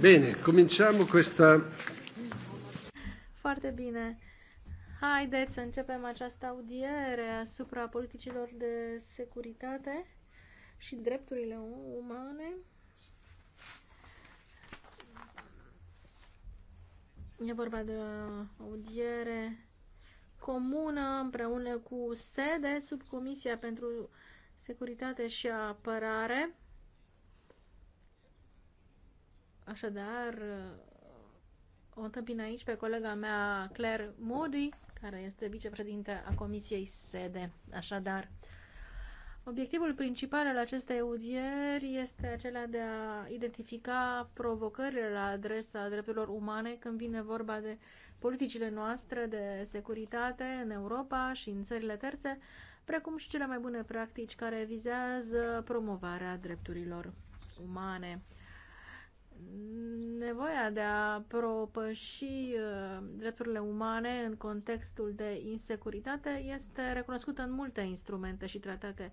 Bine, cominciamo questa... Foarte bine. Haideți să începem această audiere asupra politicilor de securitate și drepturile umane. E vorba de o audiere comună împreună cu sede sub Comisia pentru Securitate și Apărare Așadar, o întâmpin aici pe colega mea Claire Modi, care este vicepreședinte a Comisiei SEDE. Așadar, obiectivul principal al acestei audieri este acela de a identifica provocările la adresa drepturilor umane când vine vorba de politicile noastre de securitate în Europa și în țările terțe, precum și cele mai bune practici care vizează promovarea drepturilor umane nevoia de a propăși uh, drepturile umane în contextul de insecuritate este recunoscută în multe instrumente și tratate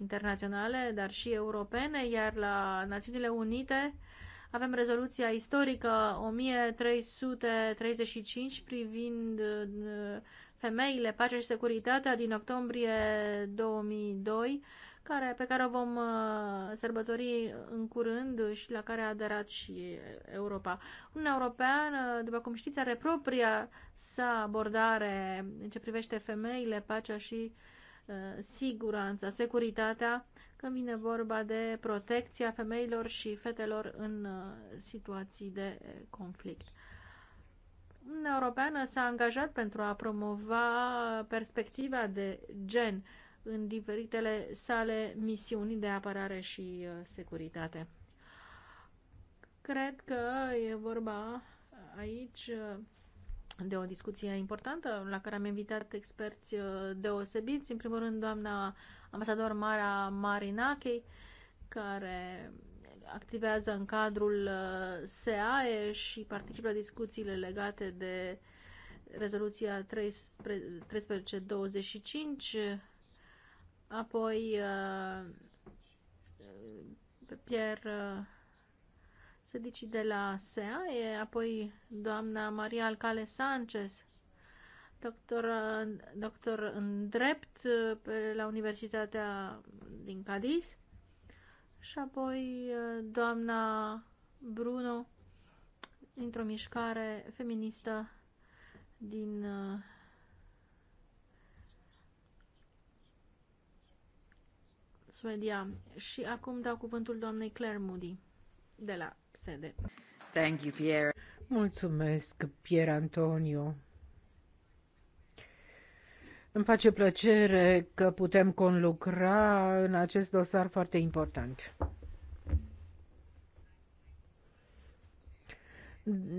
internaționale, dar și europene, iar la Națiunile Unite avem rezoluția istorică 1335 privind uh, femeile, pacea și securitatea din octombrie 2002, care, pe care o vom uh, sărbători în curând și la care a aderat și Europa. Uniunea Europeană, după cum știți, are propria sa abordare în ce privește femeile, pacea și uh, siguranța, securitatea, când vine vorba de protecția femeilor și fetelor în uh, situații de conflict. Uniunea Europeană s-a angajat pentru a promova perspectiva de gen uh, în diferitele sale misiuni de apărare și uh, securitate. Cred că e vorba aici uh, de o discuție importantă la care am invitat experți uh, deosebiți. În primul rând, doamna ambasador Mara Marinache, care activează în cadrul SEAE și participă la discuțiile legate de rezoluția 1325 apoi uh, Pierre uh, Sedici de la Sea, e apoi doamna Maria Alcale Sanchez, doctor, uh, doctor în drept la Universitatea din Cadiz și apoi doamna Bruno într-o mișcare feministă din Suedia. Și acum dau cuvântul doamnei Claire Moody de la SEDE. Thank you, Pierre. Mulțumesc, Pier Antonio. Îmi face plăcere că putem conlucra în acest dosar foarte important.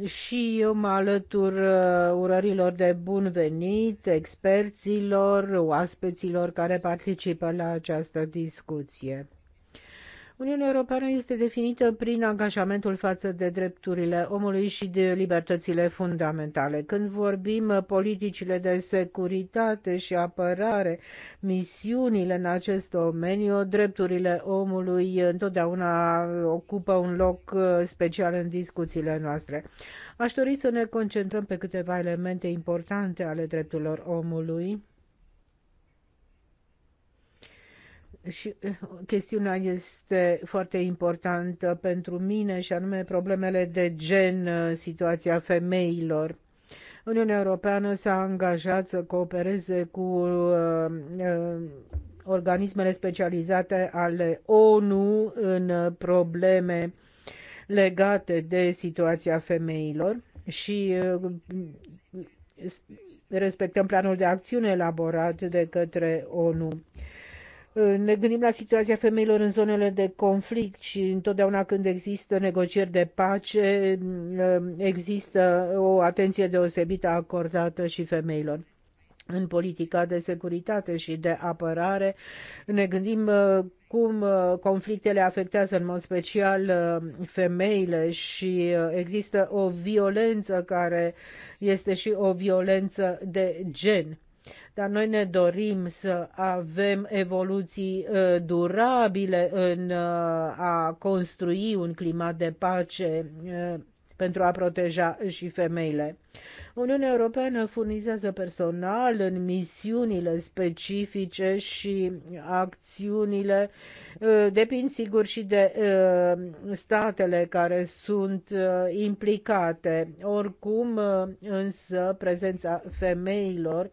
și eu mă alătur uh, urărilor de bun venit, experților, oaspeților care participă la această discuție. Uniunea Europeană este definită prin angajamentul față de drepturile omului și de libertățile fundamentale. Când vorbim politicile de securitate și apărare, misiunile în acest domeniu, drepturile omului întotdeauna ocupă un loc uh, special în discuțiile noastre. Aș dori să ne concentrăm pe câteva elemente importante ale drepturilor omului și eh, chestiunea este foarte importantă pentru mine și anume problemele de gen, eh, situația femeilor. Uniunea Europeană s-a angajat să coopereze cu uh, uh, organismele specializate ale ONU în probleme legate de situația femeilor și uh, respectăm planul de acțiune elaborat de către ONU ne gândim la situația femeilor în zonele de conflict și întotdeauna când există negocieri de pace, mm, există o atenție deosebită acordată și femeilor în politica de securitate și de apărare. Ne gândim uh, cum uh, conflictele afectează în mod special uh, femeile și există o violență care este și o violență de gen dar noi ne dorim să avem evoluții uh, durabile în uh, a construi un climat de pace uh, pentru a proteja și femeile. Uniunea Europeană furnizează personal în misiunile specifice și acțiunile depind sigur și de statele care sunt implicate. Oricum, însă, prezența femeilor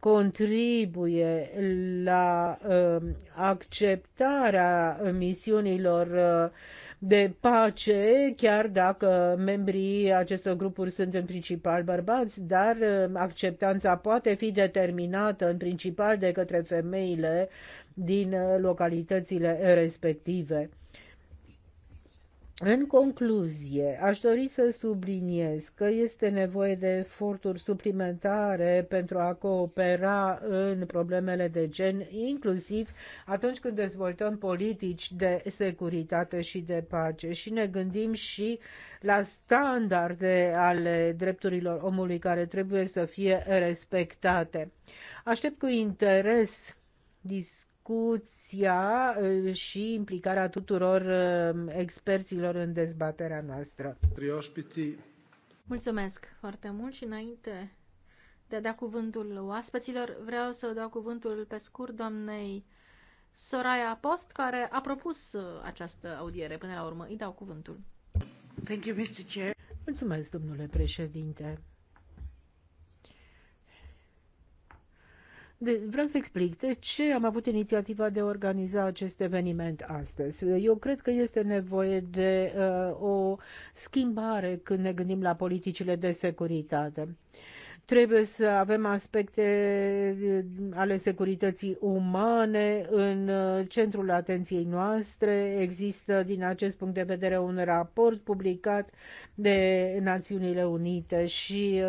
contribuie la um, acceptarea misiunilor uh, de pace, chiar dacă membrii acestor grupuri sunt în principal bărbați, dar um, acceptanța poate fi determinată în principal de către femeile din uh, localitățile respective. În concluzie, aș dori să subliniez că este nevoie de eforturi suplimentare pentru a coopera în problemele de gen, inclusiv atunci când dezvoltăm politici de securitate și de pace și ne gândim și la standarde ale drepturilor omului care trebuie să fie respectate. Aștept cu interes discuții discuția uh, și implicarea tuturor uh, experților în dezbaterea noastră. Mulțumesc foarte mult și înainte de a da cuvântul oaspeților, vreau să dau cuvântul pe scurt doamnei Soraya Post, care a propus uh, această audiere până la urmă. Îi dau cuvântul. Thank you, Mr. Chair. Mulțumesc, domnule președinte. De, vreau să explic de ce am avut inițiativa de a organiza acest eveniment astăzi. Eu cred că este nevoie de uh, o schimbare când ne gândim la politicile de securitate. Uh, Trebuie să avem aspecte eh, ale securității umane în eh, centrul atenției noastre. Există, din acest punct de vedere, un raport publicat de Națiunile Unite și eh,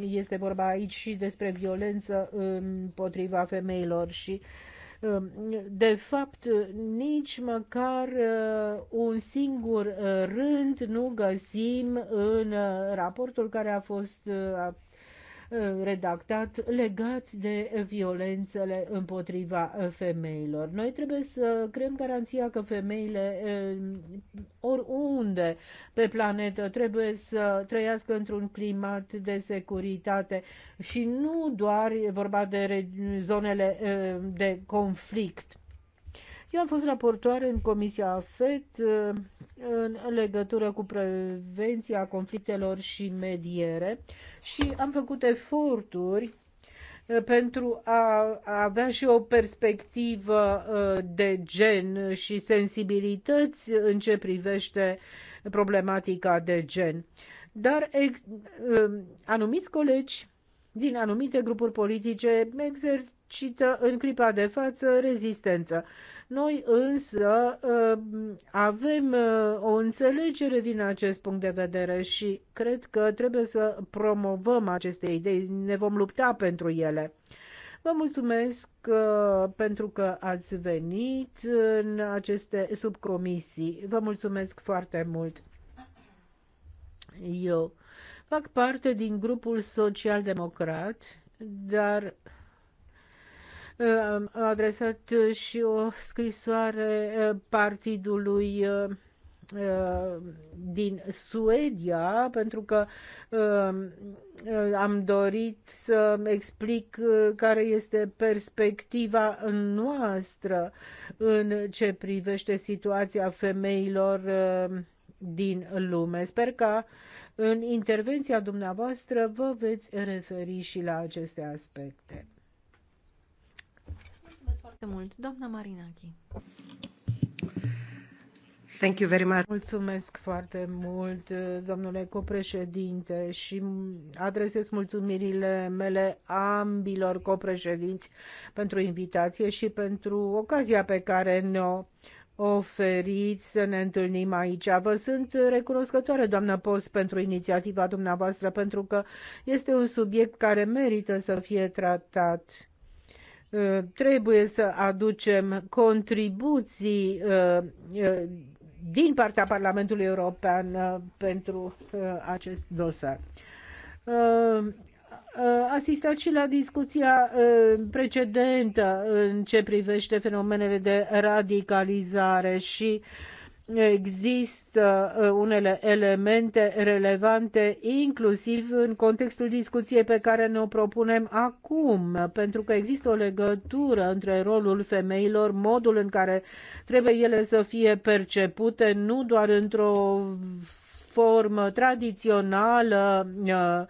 este vorba aici și despre violență împotriva femeilor și de fapt, nici măcar un singur rând nu găsim în raportul care a fost redactat legat de violențele împotriva femeilor. Noi trebuie să creăm garanția că femeile eh, oriunde pe planetă trebuie să trăiască într-un climat de securitate și nu doar e vorba de zonele eh, de conflict eu am fost raportoare în Comisia AFET uh, în legătură cu prevenția conflictelor și mediere și am făcut eforturi uh, pentru a avea și o perspectivă uh, de gen și sensibilități în ce privește problematica de gen. Dar ex, anumiți colegi din anumite grupuri politice exer, exercită în clipa de față rezistență. Noi însă uh, avem uh, o înțelegere din acest punct de vedere și cred că trebuie să promovăm aceste idei, ne vom lupta pentru ele. Vă mulțumesc uh, pentru că ați venit în aceste subcomisii. Vă mulțumesc foarte mult. Eu fac parte din grupul social-democrat, dar a adresat și o scrisoare eh, partidului eh, eh, din Suedia, pentru că am dorit să explic care este perspectiva noastră în ce privește situația femeilor din lume. Sper că în intervenția dumneavoastră vă veți referi și la aceste aspecte foarte mult. Doamna Marinachi. Thank you very much. Mulțumesc foarte mult, domnule copreședinte, și adresez mulțumirile mele ambilor copreședinți pentru invitație și pentru ocazia pe care ne-o oferiți să ne întâlnim aici. Vă sunt recunoscătoare, doamnă Post, pentru inițiativa dumneavoastră, pentru că este un subiect care merită să fie tratat Uh, trebuie să aducem contribuții uh, uh, din partea Parlamentului European pentru acest dosar. Asistat și la discuția precedentă în ce privește fenomenele de radicalizare și uh, există uh, unele elemente relevante, inclusiv în contextul discuției pe care ne-o propunem acum, pentru că există o legătură între rolul femeilor, modul în care trebuie ele să fie percepute, nu doar într-o formă tradițională uh,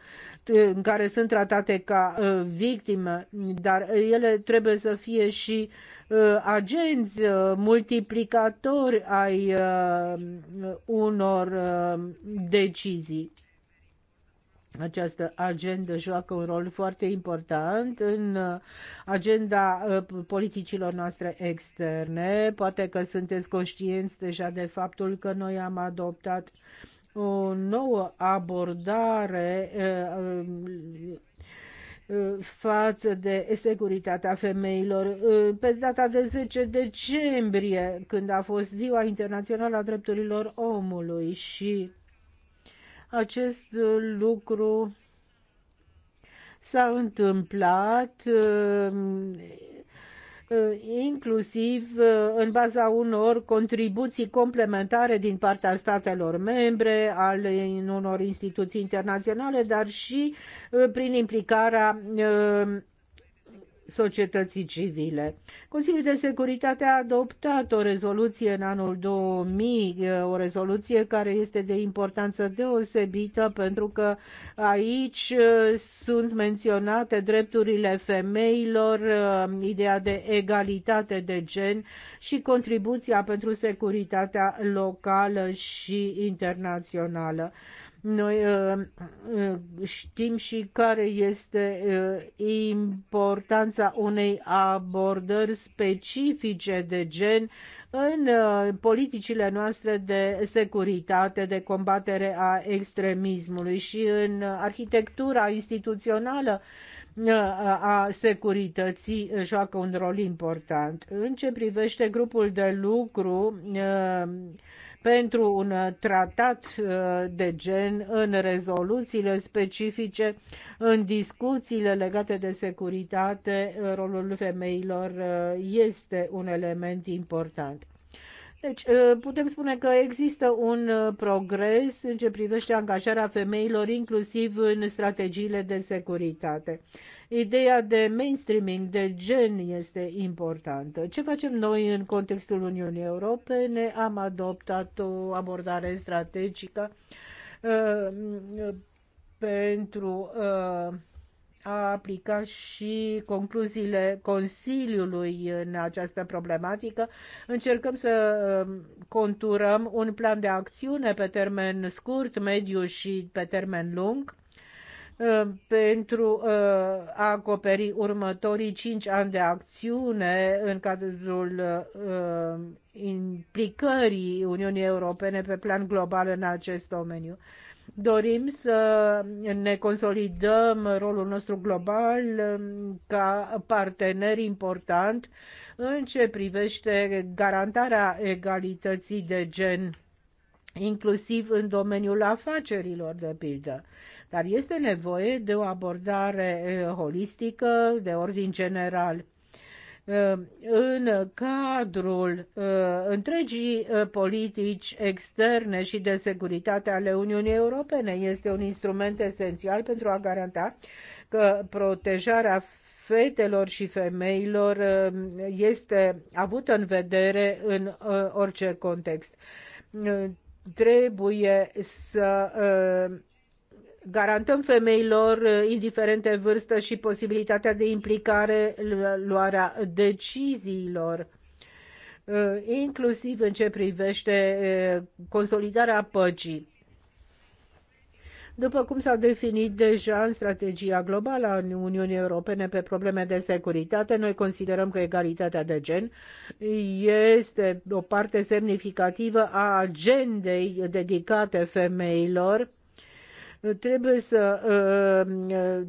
în care sunt tratate ca uh, victime, dar ele trebuie să fie și Uh, agenți uh, multiplicatori ai uh, unor decizii. Această agendă joacă un rol foarte important în agenda politicilor noastre externe. Poate că sunteți conștienți deja de faptul că noi am adoptat o nouă abordare față de securitatea femeilor. Pe data de 10 decembrie, când a fost Ziua Internațională a Drepturilor Omului și acest lucru s-a întâmplat Uh, inclusiv uh, în baza unor contribuții complementare din partea statelor membre, ale unor instituții internaționale, dar și uh, prin implicarea societății civile. Consiliul de Securitate a adoptat o rezoluție în anul 2000, o rezoluție care este de importanță deosebită pentru că aici sunt menționate drepturile femeilor, ideea de egalitate de gen și contribuția pentru securitatea locală și internațională. Noi uh, uh, știm și care este uh, importanța unei abordări specifice de gen în politicile noastre de securitate, de combatere a extremismului și în arhitectura instituțională a securității joacă un rol important. În ce privește grupul de lucru pentru un tratat uh, de gen în rezoluțiile specifice, în discuțiile legate de securitate, uh, rolul femeilor uh, este un element important. Deci, putem spune că există un progres în ce privește angajarea femeilor, inclusiv în strategiile de securitate. Ideea de mainstreaming, de gen, este importantă. Ce facem noi în contextul Uniunii Europene? Am adoptat o abordare strategică uh, pentru uh, a aplica și concluziile Consiliului în această problematică. Încercăm să uh, conturăm un plan de acțiune pe termen scurt, mediu și pe termen lung Uh, pentru uh, a acoperi următorii cinci ani de acțiune în cadrul uh, implicării Uniunii Europene pe plan global în acest domeniu. Dorim să ne consolidăm rolul nostru global um, ca partener important în ce privește garantarea egalității de gen inclusiv în domeniul afacerilor, de pildă. Dar este nevoie de o abordare eh, holistică, de ordin general eh, în cadrul eh, întregii politici externe și de securitate ale Uniunii Europene. Este un instrument esențial pentru a garanta că protejarea fetelor și femeilor este avută în vedere în orice context trebuie să uh, garantăm femeilor, uh, indiferent de vârstă și posibilitatea de implicare, luarea deciziilor, uh, inclusiv în ce privește consolidarea păcii după cum s-a definit deja în strategia globală a Uniunii Europene pe probleme de securitate, noi considerăm că egalitatea de gen este o parte semnificativă a agendei dedicate femeilor trebuie să uh,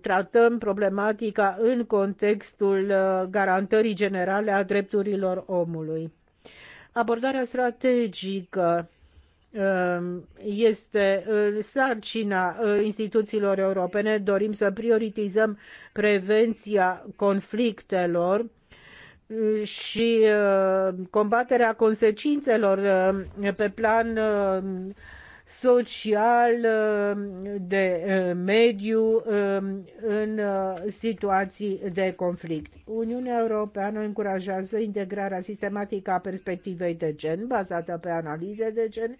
tratăm problematica în contextul uh, garantării generale a drepturilor omului. Abordarea strategică Um, este uh, sarcina uh, instituțiilor europene. Dorim să prioritizăm prevenția conflictelor uh, și combaterea consecințelor pe plan social, uh, de uh, mediu um, în uh, situații de conflict. Uniunea Europeană încurajează integrarea sistematică a perspectivei de gen, bazată pe analize de gen,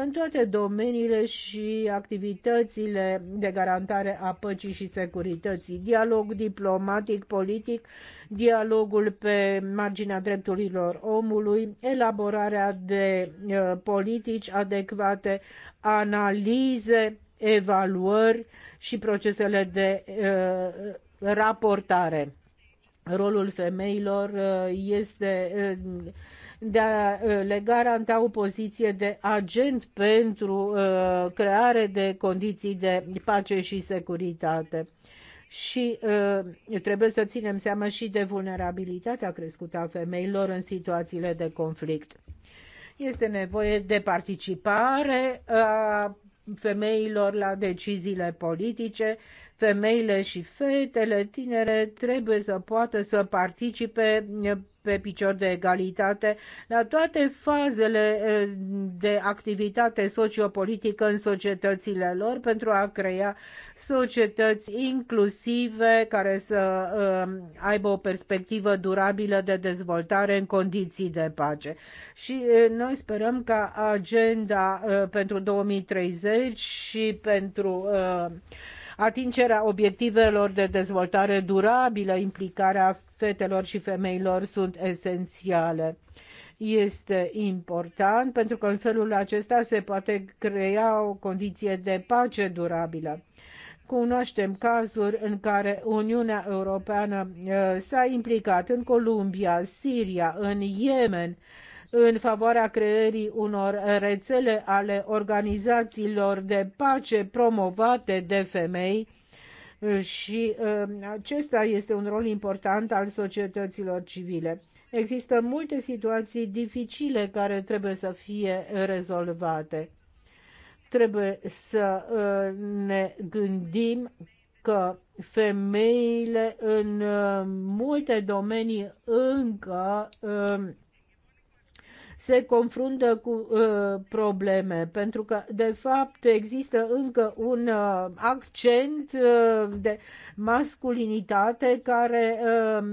în toate domeniile și activitățile de garantare a păcii și securității. Dialog diplomatic, politic, dialogul pe marginea drepturilor omului, elaborarea de uh, politici adecvate, analize, evaluări și procesele de uh, raportare. Rolul femeilor uh, este uh, de a uh, le garanta o poziție de agent pentru uh, creare de condiții de pace și securitate. Și uh, trebuie să ținem seama și de vulnerabilitatea crescută a femeilor în situațiile de conflict. Este nevoie de participare a femeilor la deciziile politice, femeile și fetele tinere trebuie să poată să participe eh, pe picior de egalitate la toate fazele eh, de activitate sociopolitică în societățile lor pentru a crea societăți inclusive care să eh, aibă o perspectivă durabilă de dezvoltare în condiții de pace. Și noi sperăm ca agenda pentru 2030 și pentru atingerea obiectivelor de dezvoltare durabilă, implicarea fetelor și femeilor sunt esențiale este important pentru că în felul acesta se poate crea o condiție de pace durabilă. Cunoaștem cazuri în care Uniunea Europeană eh, s-a implicat în Columbia, Siria, în Yemen, în favoarea creării unor rețele ale organizațiilor de pace promovate de femei și um, acesta este un rol important al societăților civile. Există multe situații dificile care trebuie să fie rezolvate. Trebuie să uh, ne gândim că femeile în uh, multe domenii încă um, se confruntă cu uh, probleme, pentru că, de fapt, există încă un uh, accent uh, de masculinitate care uh,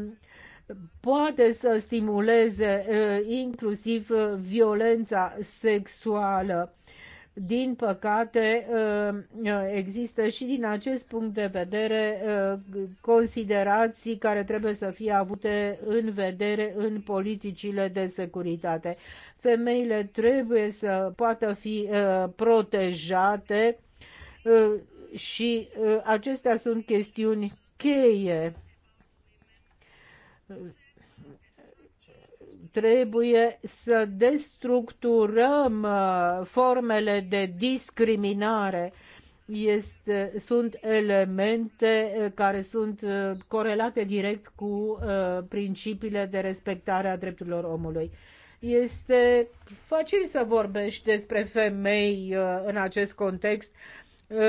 poate să stimuleze uh, inclusiv uh, violența sexuală. Uh, din păcate, uh, uh, există și din acest punct de vedere uh, considerații care trebuie să fie avute în vedere în politicile de securitate. Femeile trebuie să poată fi protejate și acestea sunt chestiuni cheie trebuie să destructurăm uh, formele de discriminare. Este, sunt elemente uh, care sunt uh, corelate direct cu principiile de respectare a drepturilor omului. Este facil să vorbești despre femei în acest context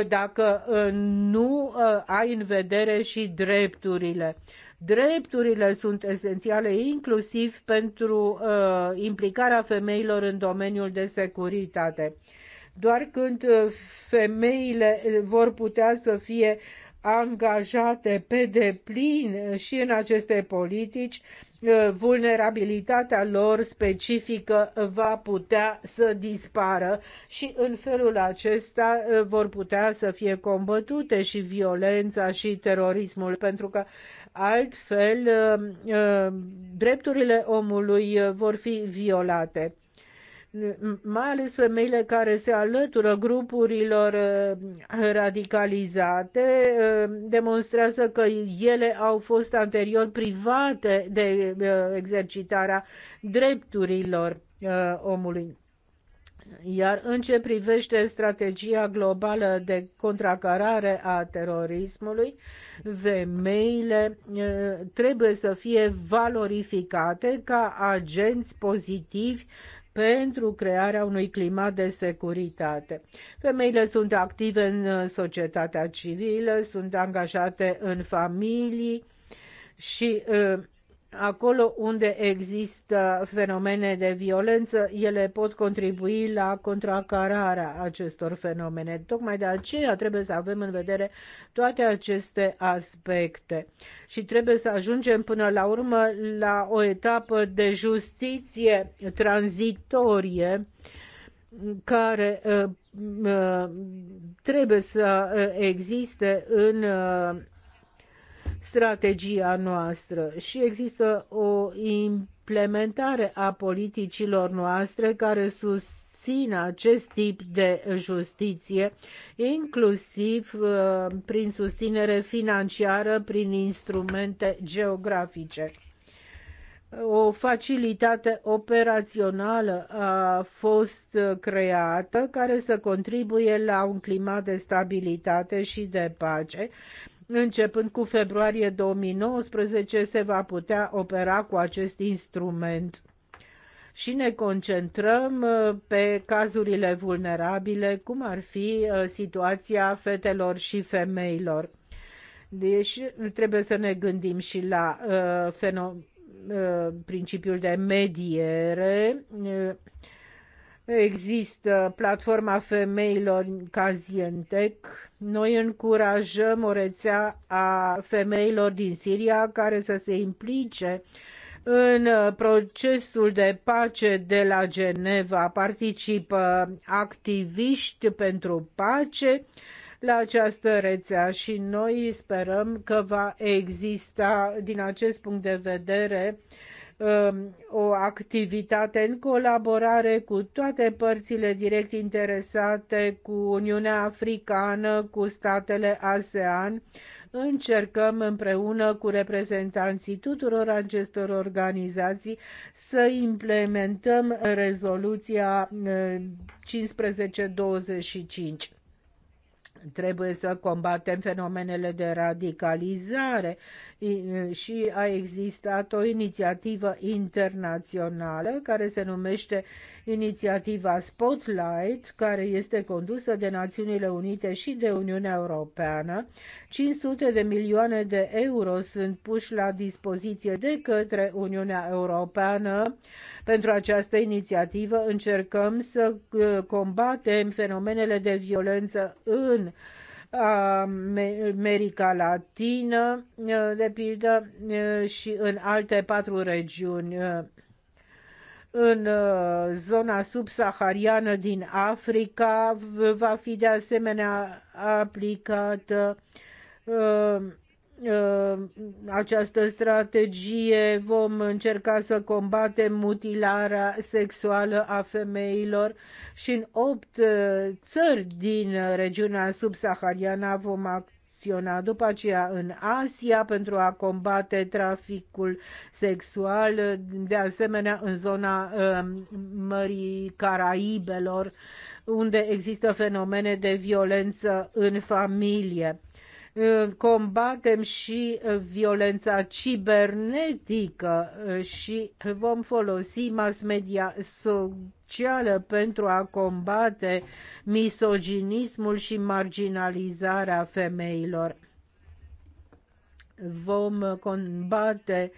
dacă nu ai în vedere și drepturile. Drepturile sunt esențiale inclusiv pentru uh, implicarea femeilor în domeniul de securitate. Doar când uh, femeile uh, vor putea să fie angajate pe deplin uh, și în aceste politici, vulnerabilitatea lor specifică va putea să dispară și în felul acesta vor putea să fie combătute și violența și terorismul, pentru că altfel uh, uh, drepturile omului uh, vor fi violate mai ales femeile care se alătură grupurilor radicalizate, demonstrează că ele au fost anterior private de exercitarea drepturilor omului. Iar în ce privește strategia globală de contracarare a terorismului, femeile trebuie să fie valorificate ca agenți pozitivi pentru crearea unui climat de securitate. Femeile sunt active în societatea civilă, sunt angajate în familii și uh, acolo unde există fenomene de violență, ele pot contribui la contracararea acestor fenomene. Tocmai de aceea trebuie să avem în vedere toate aceste aspecte și trebuie să ajungem până la urmă la o etapă de justiție tranzitorie care uh, uh, trebuie să uh, existe în strategia noastră și există o implementare a politicilor noastre care susțin acest tip de justiție, inclusiv uh, prin susținere financiară, prin instrumente geografice. O facilitate operațională a fost creată care să contribuie la un climat de stabilitate și de pace Începând cu februarie 2019 se va putea opera cu acest instrument și ne concentrăm uh, pe cazurile vulnerabile, cum ar fi uh, situația fetelor și femeilor. Deci trebuie să ne gândim și la uh, fenomen, uh, principiul de mediere. Uh, Există platforma femeilor Cazientec. Noi încurajăm o rețea a femeilor din Siria care să se implice în procesul de pace de la Geneva. Participă activiști pentru pace la această rețea și noi sperăm că va exista din acest punct de vedere uh, Um, o activitate în colaborare cu toate părțile direct interesate, cu Uniunea Africană, cu statele ASEAN. Încercăm împreună cu reprezentanții tuturor acestor organizații să implementăm rezoluția 1525. Uh, Trebuie să combatem fenomenele de radicalizare și a existat o inițiativă internațională care se numește inițiativa Spotlight, care este condusă de Națiunile Unite și de Uniunea Europeană. 500 de milioane de euro sunt puși la dispoziție de către Uniunea Europeană pentru această inițiativă. Încercăm să uh, combatem fenomenele de violență în uh, America Latină, uh, de pildă, și în alte patru regiuni în uh, zona subsahariană din Africa va fi de asemenea aplicată uh, uh, această strategie, vom încerca să combatem mutilarea sexuală a femeilor și în opt țări din regiunea subsahariană vom acționa. După aceea în Asia pentru a combate traficul sexual, de asemenea în zona um, Mării Caraibelor, unde există fenomene de violență în familie uh, combatem și violența cibernetică uh, și vom folosi mass media socială pentru a combate misoginismul și marginalizarea femeilor. Vom combate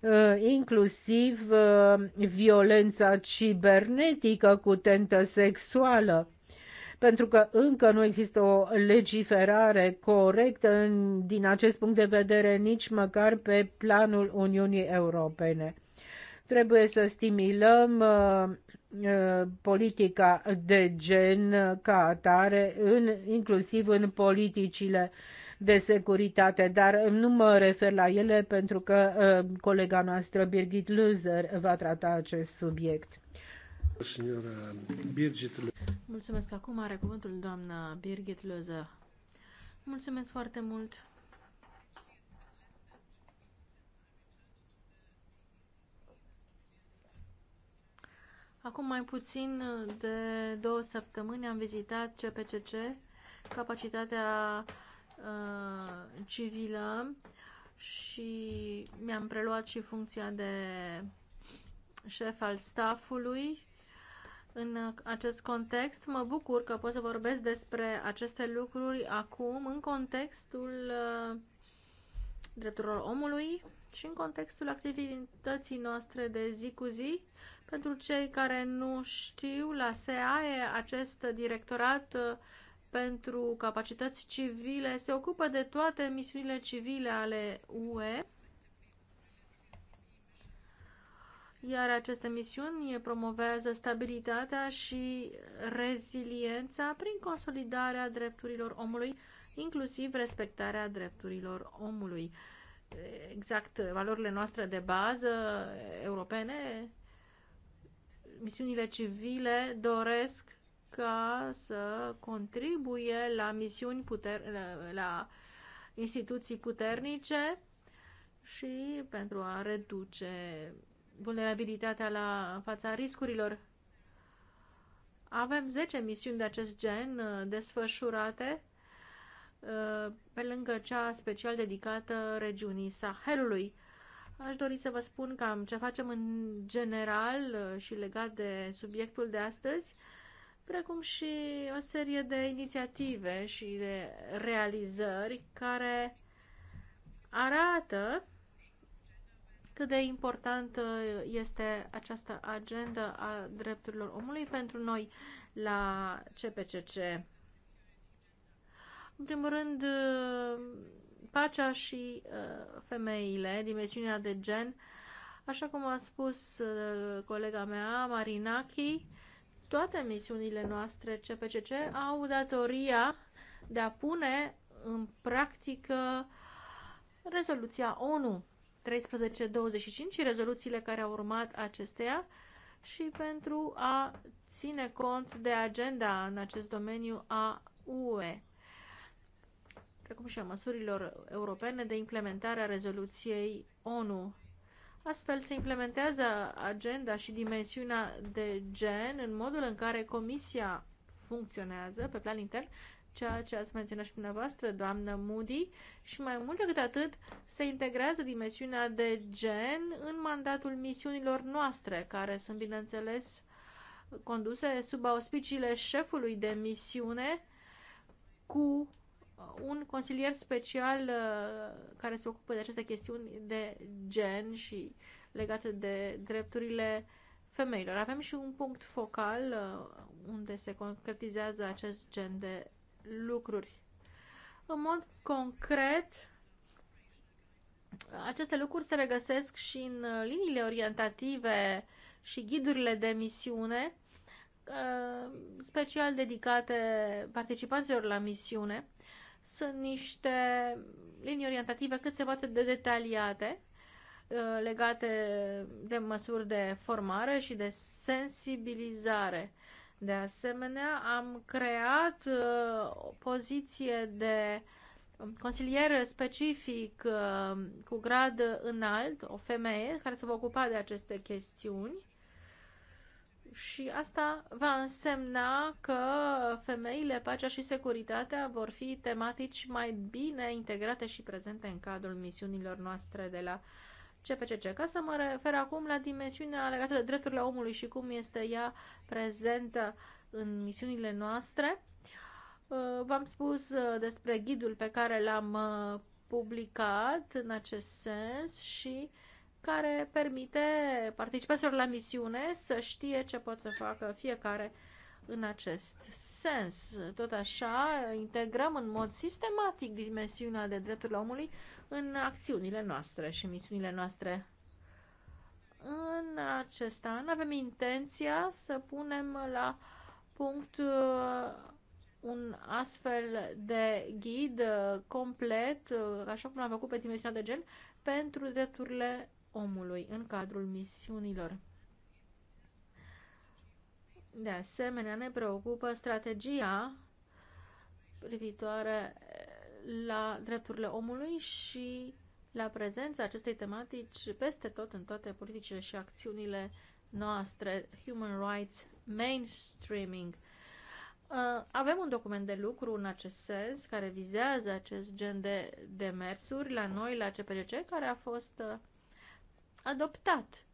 uh, inclusiv uh, violența cibernetică cu tentă sexuală pentru că încă nu există o legiferare corectă din acest punct de vedere nici măcar pe planul Uniunii Europene. Trebuie să stimulăm uh, politica de gen ca atare, în, inclusiv în politicile de securitate, dar nu mă refer la ele pentru că uh, colega noastră Birgit Luzer va trata acest subiect. Mulțumesc. Acum are cuvântul doamna Birgit Luzer. Mulțumesc foarte mult. Acum mai puțin uh, de două săptămâni am vizitat CPCC, capacitatea uh, civilă și mi-am preluat și funcția de șef al staffului. În uh, acest context mă bucur că pot să vorbesc despre aceste lucruri acum în contextul uh, drepturilor omului și în contextul activității noastre de zi cu zi pentru cei care nu știu, la SEAE, acest directorat uh, pentru capacități civile se ocupă de toate misiunile civile ale UE, iar aceste misiuni promovează stabilitatea și reziliența prin consolidarea drepturilor omului, inclusiv respectarea drepturilor omului. Exact, valorile noastre de bază europene misiunile civile doresc ca să contribuie la misiuni puter, la, instituții puternice și pentru a reduce vulnerabilitatea la fața riscurilor. Avem 10 misiuni de acest gen uh, desfășurate uh, pe lângă cea special dedicată regiunii Sahelului. Aș dori să vă spun cam ce facem în general uh, și legat de subiectul de astăzi, precum și o serie de inițiative și de realizări care arată cât de importantă uh, este această agendă a drepturilor omului pentru noi la CPCC. În primul rând, uh, pacea și uh, femeile, dimensiunea de gen. Așa cum a spus uh, colega mea, Marinaki, toate misiunile noastre CPCC au datoria de a pune în practică rezoluția ONU 1325 și rezoluțiile care au urmat acesteia și pentru a ține cont de agenda în acest domeniu a UE precum și a măsurilor europene de implementare a rezoluției ONU. Astfel se implementează agenda și dimensiunea de gen în modul în care Comisia funcționează pe plan intern, ceea ce ați menționat și dumneavoastră, doamnă Moody, și mai mult decât atât, se integrează dimensiunea de gen în mandatul misiunilor noastre, care sunt, bineînțeles, conduse sub auspiciile șefului de misiune cu Uh, un consilier special uh, care se ocupă de aceste chestiuni de gen și legate de drepturile femeilor. Avem și un punct focal uh, unde se concretizează acest gen de lucruri. În mod concret, aceste lucruri se regăsesc și în liniile orientative și ghidurile de misiune special dedicate participanților la misiune sunt niște linii orientative cât se poate de detaliate uh, legate de măsuri de formare și de sensibilizare. De asemenea, am creat uh, o poziție de consilier specific uh, cu grad înalt, o femeie care se va ocupa de aceste chestiuni și asta va însemna că femeile, pacea și securitatea vor fi tematici mai bine integrate și prezente în cadrul misiunilor noastre de la CPCC. Ca să mă refer acum la dimensiunea legată de drepturile omului și cum este ea prezentă în misiunile noastre, uh, v-am spus uh, despre ghidul pe care l-am uh, publicat în acest sens și uh, care permite participanților la misiune să știe ce pot să facă fiecare în acest sens. Tot așa, integrăm în mod sistematic dimensiunea de drepturile omului în acțiunile noastre și misiunile noastre. În acest an avem intenția să punem la punct uh, un astfel de ghid uh, complet, uh, așa cum l-am făcut pe dimensiunea de gen, pentru drepturile omului în cadrul misiunilor. De asemenea, ne preocupă strategia privitoare la drepturile omului și la prezența acestei tematici peste tot în toate politicile și acțiunile noastre, Human Rights Mainstreaming. Uh, avem un document de lucru în acest sens care vizează acest gen de demersuri la noi, la CPGC, care a fost uh, adoptat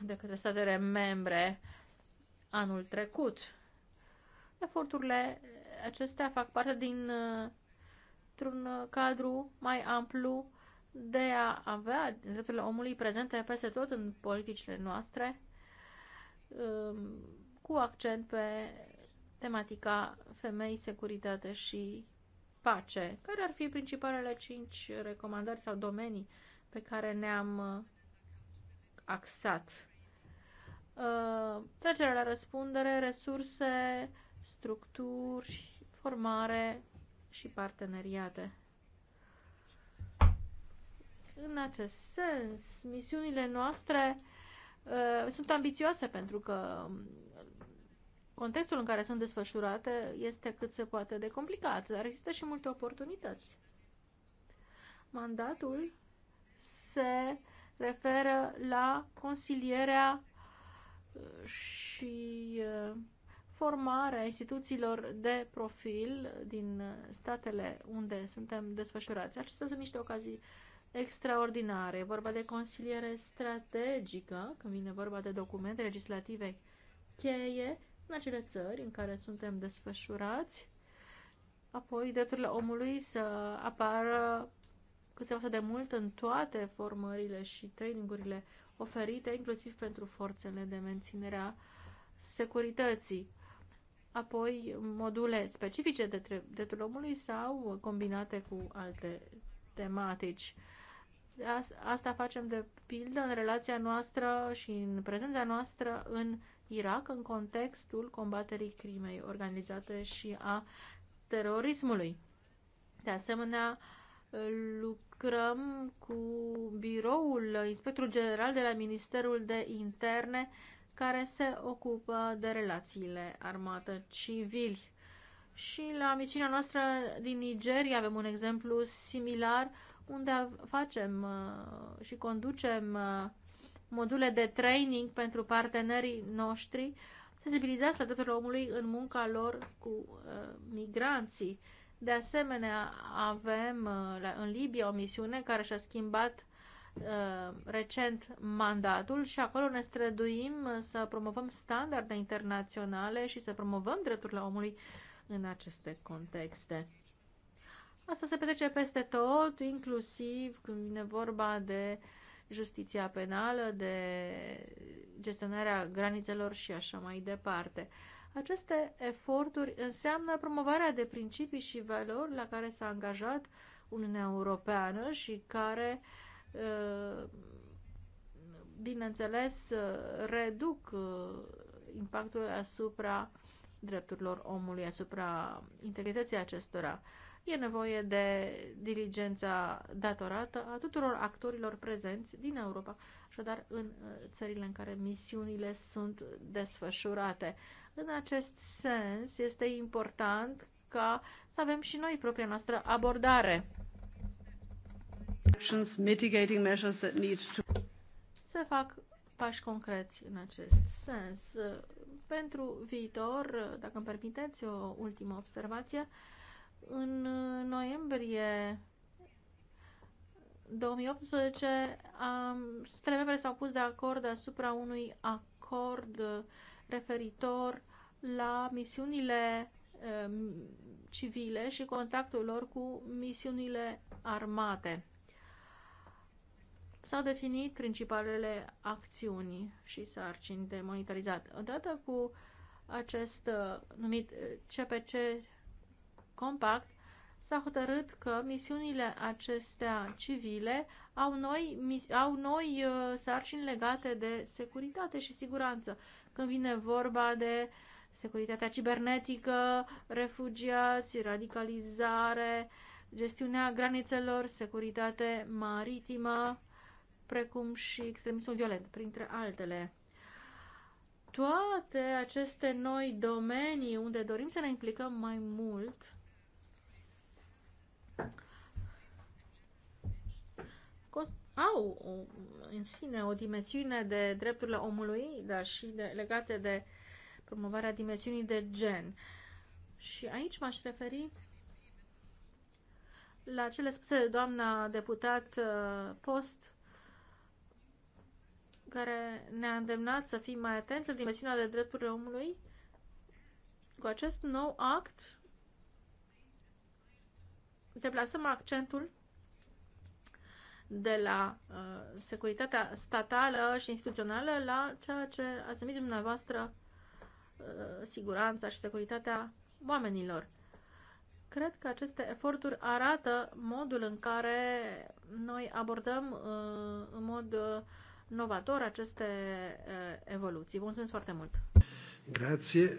de către statele membre anul trecut. Eforturile acestea fac parte din un cadru mai amplu de a avea drepturile omului prezente peste tot în politicile noastre, um, cu accent pe tematica femei, securitate și pace, care ar fi principalele cinci recomandări sau domenii pe care ne-am uh, axat. Uh, Trecerea la răspundere, resurse, structuri, formare și parteneriate. În acest sens, misiunile noastre uh, sunt ambițioase pentru că um, contextul în care sunt desfășurate este cât se poate de complicat, dar există și multe oportunități. Mandatul se referă la consilierea uh, și uh, formarea instituțiilor de profil din uh, statele unde suntem desfășurați. Acestea sunt niște ocazii extraordinare. vorba de consiliere strategică, când vine vorba de documente legislative cheie în acele țări în care suntem desfășurați. Apoi, drepturile omului să apară cât se poate de mult în toate formările și trainingurile oferite, inclusiv pentru forțele de menținere a securității. Apoi, module specifice de dreptul omului sau combinate cu alte tematici. Asta facem de pildă în relația noastră și în prezența noastră în Irak, în contextul combaterii crimei organizate și a terorismului. De asemenea, lucrăm cu biroul inspectorul general de la Ministerul de Interne care se ocupă de relațiile armată-civili. Și la micina noastră din Nigeria avem un exemplu similar unde facem uh, și conducem uh, module de training pentru partenerii noștri sensibilizați la drepturile omului în munca lor cu uh, migranții. De asemenea, avem uh, în Libia o misiune care și-a schimbat uh, recent mandatul și acolo ne străduim uh, să promovăm standarde internaționale și să promovăm drepturile omului în aceste contexte. Asta se petrece peste tot, inclusiv când vine vorba de justiția penală, de gestionarea granițelor și așa mai departe. Aceste eforturi înseamnă promovarea de principii și valori la care s-a angajat Uniunea Europeană și care, uh, bineînțeles, reduc uh, impactul asupra drepturilor omului, asupra integrității acestora. E nevoie de diligența datorată a tuturor actorilor prezenți din Europa, așadar în uh, țările în care misiunile sunt desfășurate. În acest sens, este important ca să avem și noi propria noastră abordare. Să fac pași concreți în acest sens. Pentru viitor, dacă îmi permiteți o ultimă observație, în noiembrie 2018, um, statele membre s-au pus de acord asupra unui acord referitor la misiunile eh, civile și contactul lor cu misiunile armate. S-au definit principalele acțiuni și sarcini de monitorizat. Odată cu acest eh, numit CPC eh, Compact, s-a hotărât că misiunile acestea civile au noi, au noi sarcini legate de securitate și siguranță când vine vorba de securitatea cibernetică, refugiați, radicalizare, gestiunea granițelor, securitate maritimă, precum și extremismul violent, printre altele. Toate aceste noi domenii unde dorim să ne implicăm mai mult, au în sine o dimensiune de drepturile omului, dar și de, legate de promovarea dimensiunii de gen. Și aici m-aș referi la cele spuse de doamna deputat uh, Post, care ne-a îndemnat să fim mai atenți la dimensiunea de drepturile omului cu acest nou act deplasăm accentul de la uh, securitatea statală și instituțională la ceea ce ați numit dumneavoastră uh, siguranța și securitatea oamenilor. Cred că aceste eforturi arată modul în care noi abordăm uh, în mod uh, novator aceste uh, evoluții. Mulțumesc foarte mult! Grație!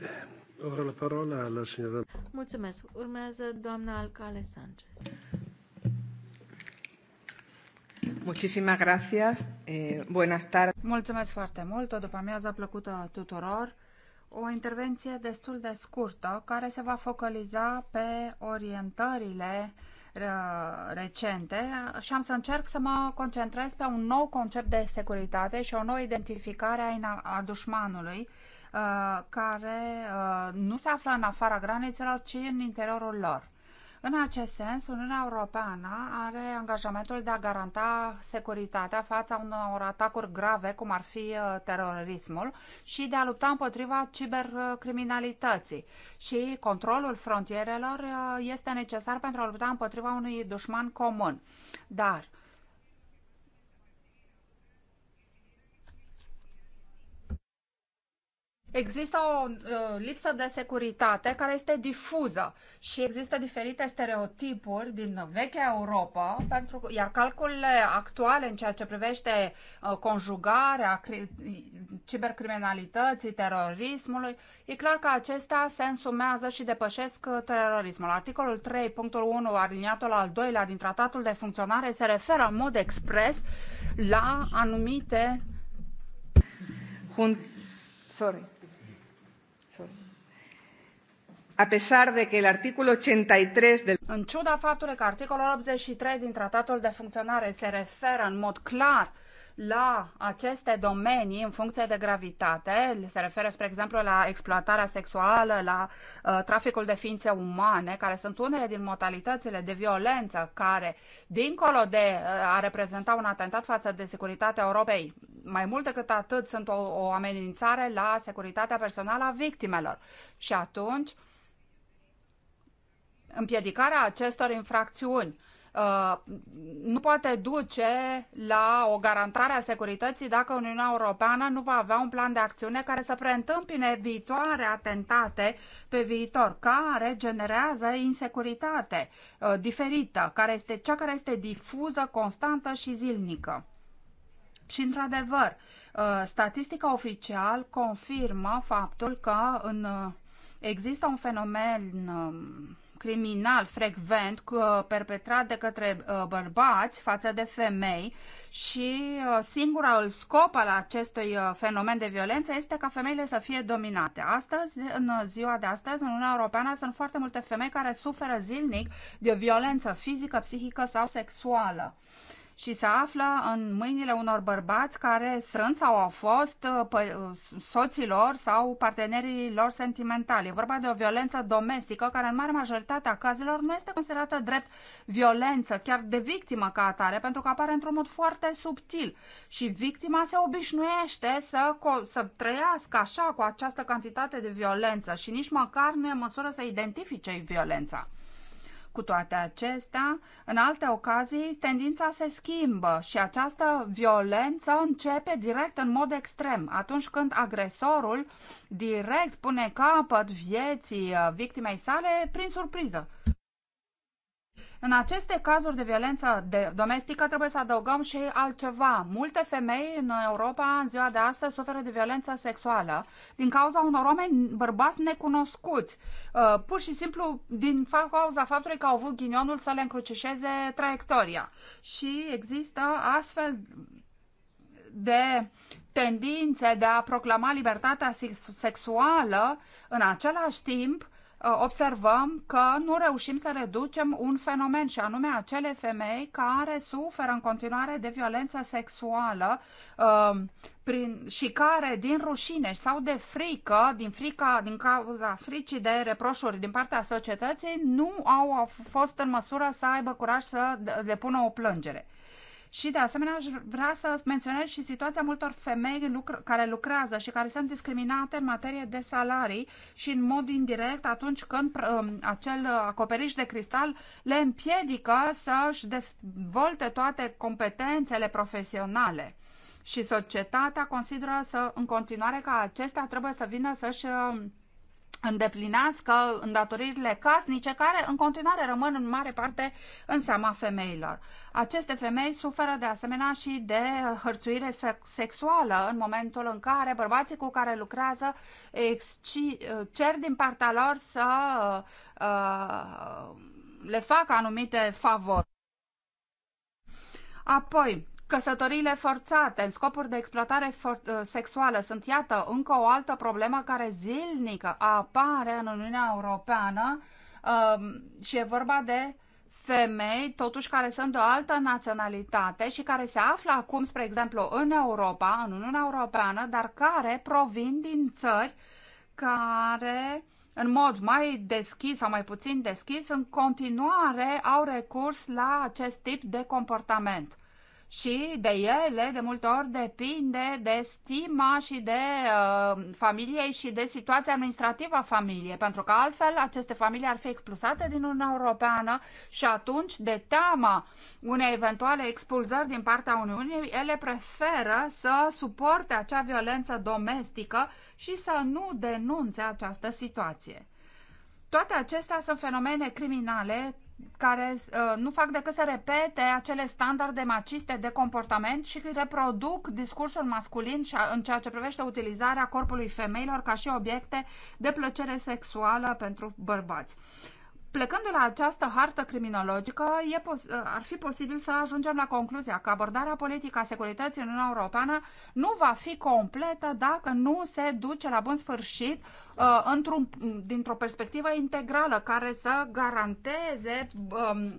Ora la parola signora. Mulțumesc. Urmează doamna Alcale Sanchez. Muchísimas gracias. Eh, buenas tardes. Mulțumesc foarte mult. O după amiază plăcută tuturor. O intervenție destul de scurtă care se va focaliza pe orientările uh, recente și am să încerc să mă concentrez pe un nou concept de securitate și o nouă identificare a dușmanului uh, care uh, nu se află în afara granițelor, ci în interiorul lor. În acest sens, Uniunea Europeană are angajamentul de a garanta securitatea fața unor atacuri grave, cum ar fi uh, terorismul, și de a lupta împotriva cibercriminalității. Și controlul frontierelor uh, este necesar pentru a lupta împotriva unui dușman comun. Dar Există o uh, lipsă de securitate care este difuză și există diferite stereotipuri din vechea Europa, pentru, iar calculele actuale în ceea ce privește uh, conjugarea cibercriminalității, terorismului, e clar că acestea se însumează și depășesc uh, terorismul. Articolul 3.1, aliniatul al doilea din Tratatul de Funcționare, se referă în mod expres la anumite... Sorry a pesar de que el artículo 83 del... În ciuda faptului că articolul 83 din Tratatul de Funcționare se referă în mod clar la aceste domenii în funcție de gravitate, se referă, spre exemplu, la exploatarea sexuală, la uh, traficul de ființe umane, care sunt unele din modalitățile de violență care, dincolo de uh, a reprezenta un atentat față de securitatea Europei, mai mult decât atât sunt o, o amenințare la securitatea personală a victimelor. Și atunci, uh, împiedicarea acestor infracțiuni uh, nu poate duce la o garantare a securității dacă Uniunea Europeană nu va avea un plan de acțiune care să preîntâmpine viitoare atentate pe viitor, care generează insecuritate uh, diferită, care este cea care este difuză, constantă și zilnică. Și, într-adevăr, uh, statistica oficial confirmă faptul că în, există un fenomen um, criminal frecvent uh, perpetrat de către uh, bărbați față de femei și uh, singurul scop al acestui fenomen de violență este ca femeile să fie dominate. Astăzi, în ziua de astăzi, în Uniunea Europeană sunt foarte multe femei care suferă zilnic de violență fizică, psihică sau sexuală și se află în mâinile unor bărbați care sunt sau au fost uh, uh, soții lor sau partenerii lor sentimentali. E vorba de o violență domestică care în mare majoritate a cazurilor nu este considerată drept violență, chiar de victimă ca atare, pentru că apare într-un mod foarte subtil și victima se obișnuiește să, să trăiască așa cu această cantitate de violență și nici măcar nu e măsură să identifice violența. Cu toate acestea, în alte ocazii, tendința se schimbă și această violență începe direct în mod extrem, atunci când agresorul direct pune capăt vieții uh, victimei sale prin surpriză. În aceste cazuri de violență de domestică trebuie să adăugăm și altceva. Multe femei în Europa în ziua de astăzi suferă de violență sexuală din cauza unor oameni bărbați necunoscuți. Uh, pur și simplu din cauza faptului că au avut ghinionul să le încrucișeze traiectoria. Și există astfel de tendințe de a proclama libertatea sexuală în același timp Uh, observăm că nu reușim să reducem un fenomen și anume acele femei care suferă în continuare de violență sexuală uh, prin, și care din rușine sau de frică, din frica, din cauza fricii de reproșuri din partea societății, nu au fost în măsură să aibă curaj să depună o plângere. Și de asemenea aș vrea să menționez și situația multor femei lucr care lucrează și care sunt discriminate în materie de salarii și în mod indirect atunci când um, acel acoperiș de cristal le împiedică să-și dezvolte toate competențele profesionale și societatea consideră să, în continuare că acestea trebuie să vină să-și um, îndeplinească îndatoririle casnice, care în continuare rămân în mare parte în seama femeilor. Aceste femei suferă de asemenea și de hărțuire sexuală în momentul în care bărbații cu care lucrează cer din partea lor să uh, le facă anumite favori. Apoi, Căsătoriile forțate în scopuri de exploatare uh, sexuală sunt, iată, încă o altă problemă care zilnică apare în Uniunea Europeană um, și e vorba de femei, totuși, care sunt de o altă naționalitate și care se află acum, spre exemplu, în Europa, în Uniunea Europeană, dar care provin din țări care în mod mai deschis sau mai puțin deschis, în continuare au recurs la acest tip de comportament și de ele de multe ori depinde de stima și de uh, familiei și de situația administrativă a familiei, pentru că altfel aceste familii ar fi expulsate din Uniunea Europeană și atunci, de teama unei eventuale expulzări din partea Uniunii, ele preferă să suporte acea violență domestică și să nu denunțe această situație. Toate acestea sunt fenomene criminale care uh, nu fac decât să repete acele standarde maciste de comportament și reproduc discursul masculin în ceea ce privește utilizarea corpului femeilor ca și obiecte de plăcere sexuală pentru bărbați. Plecând de la această hartă criminologică, e ar fi posibil să ajungem la concluzia că abordarea politică a securității în Uniunea Europeană nu va fi completă dacă nu se duce la bun sfârșit uh, dintr-o perspectivă integrală care să garanteze um,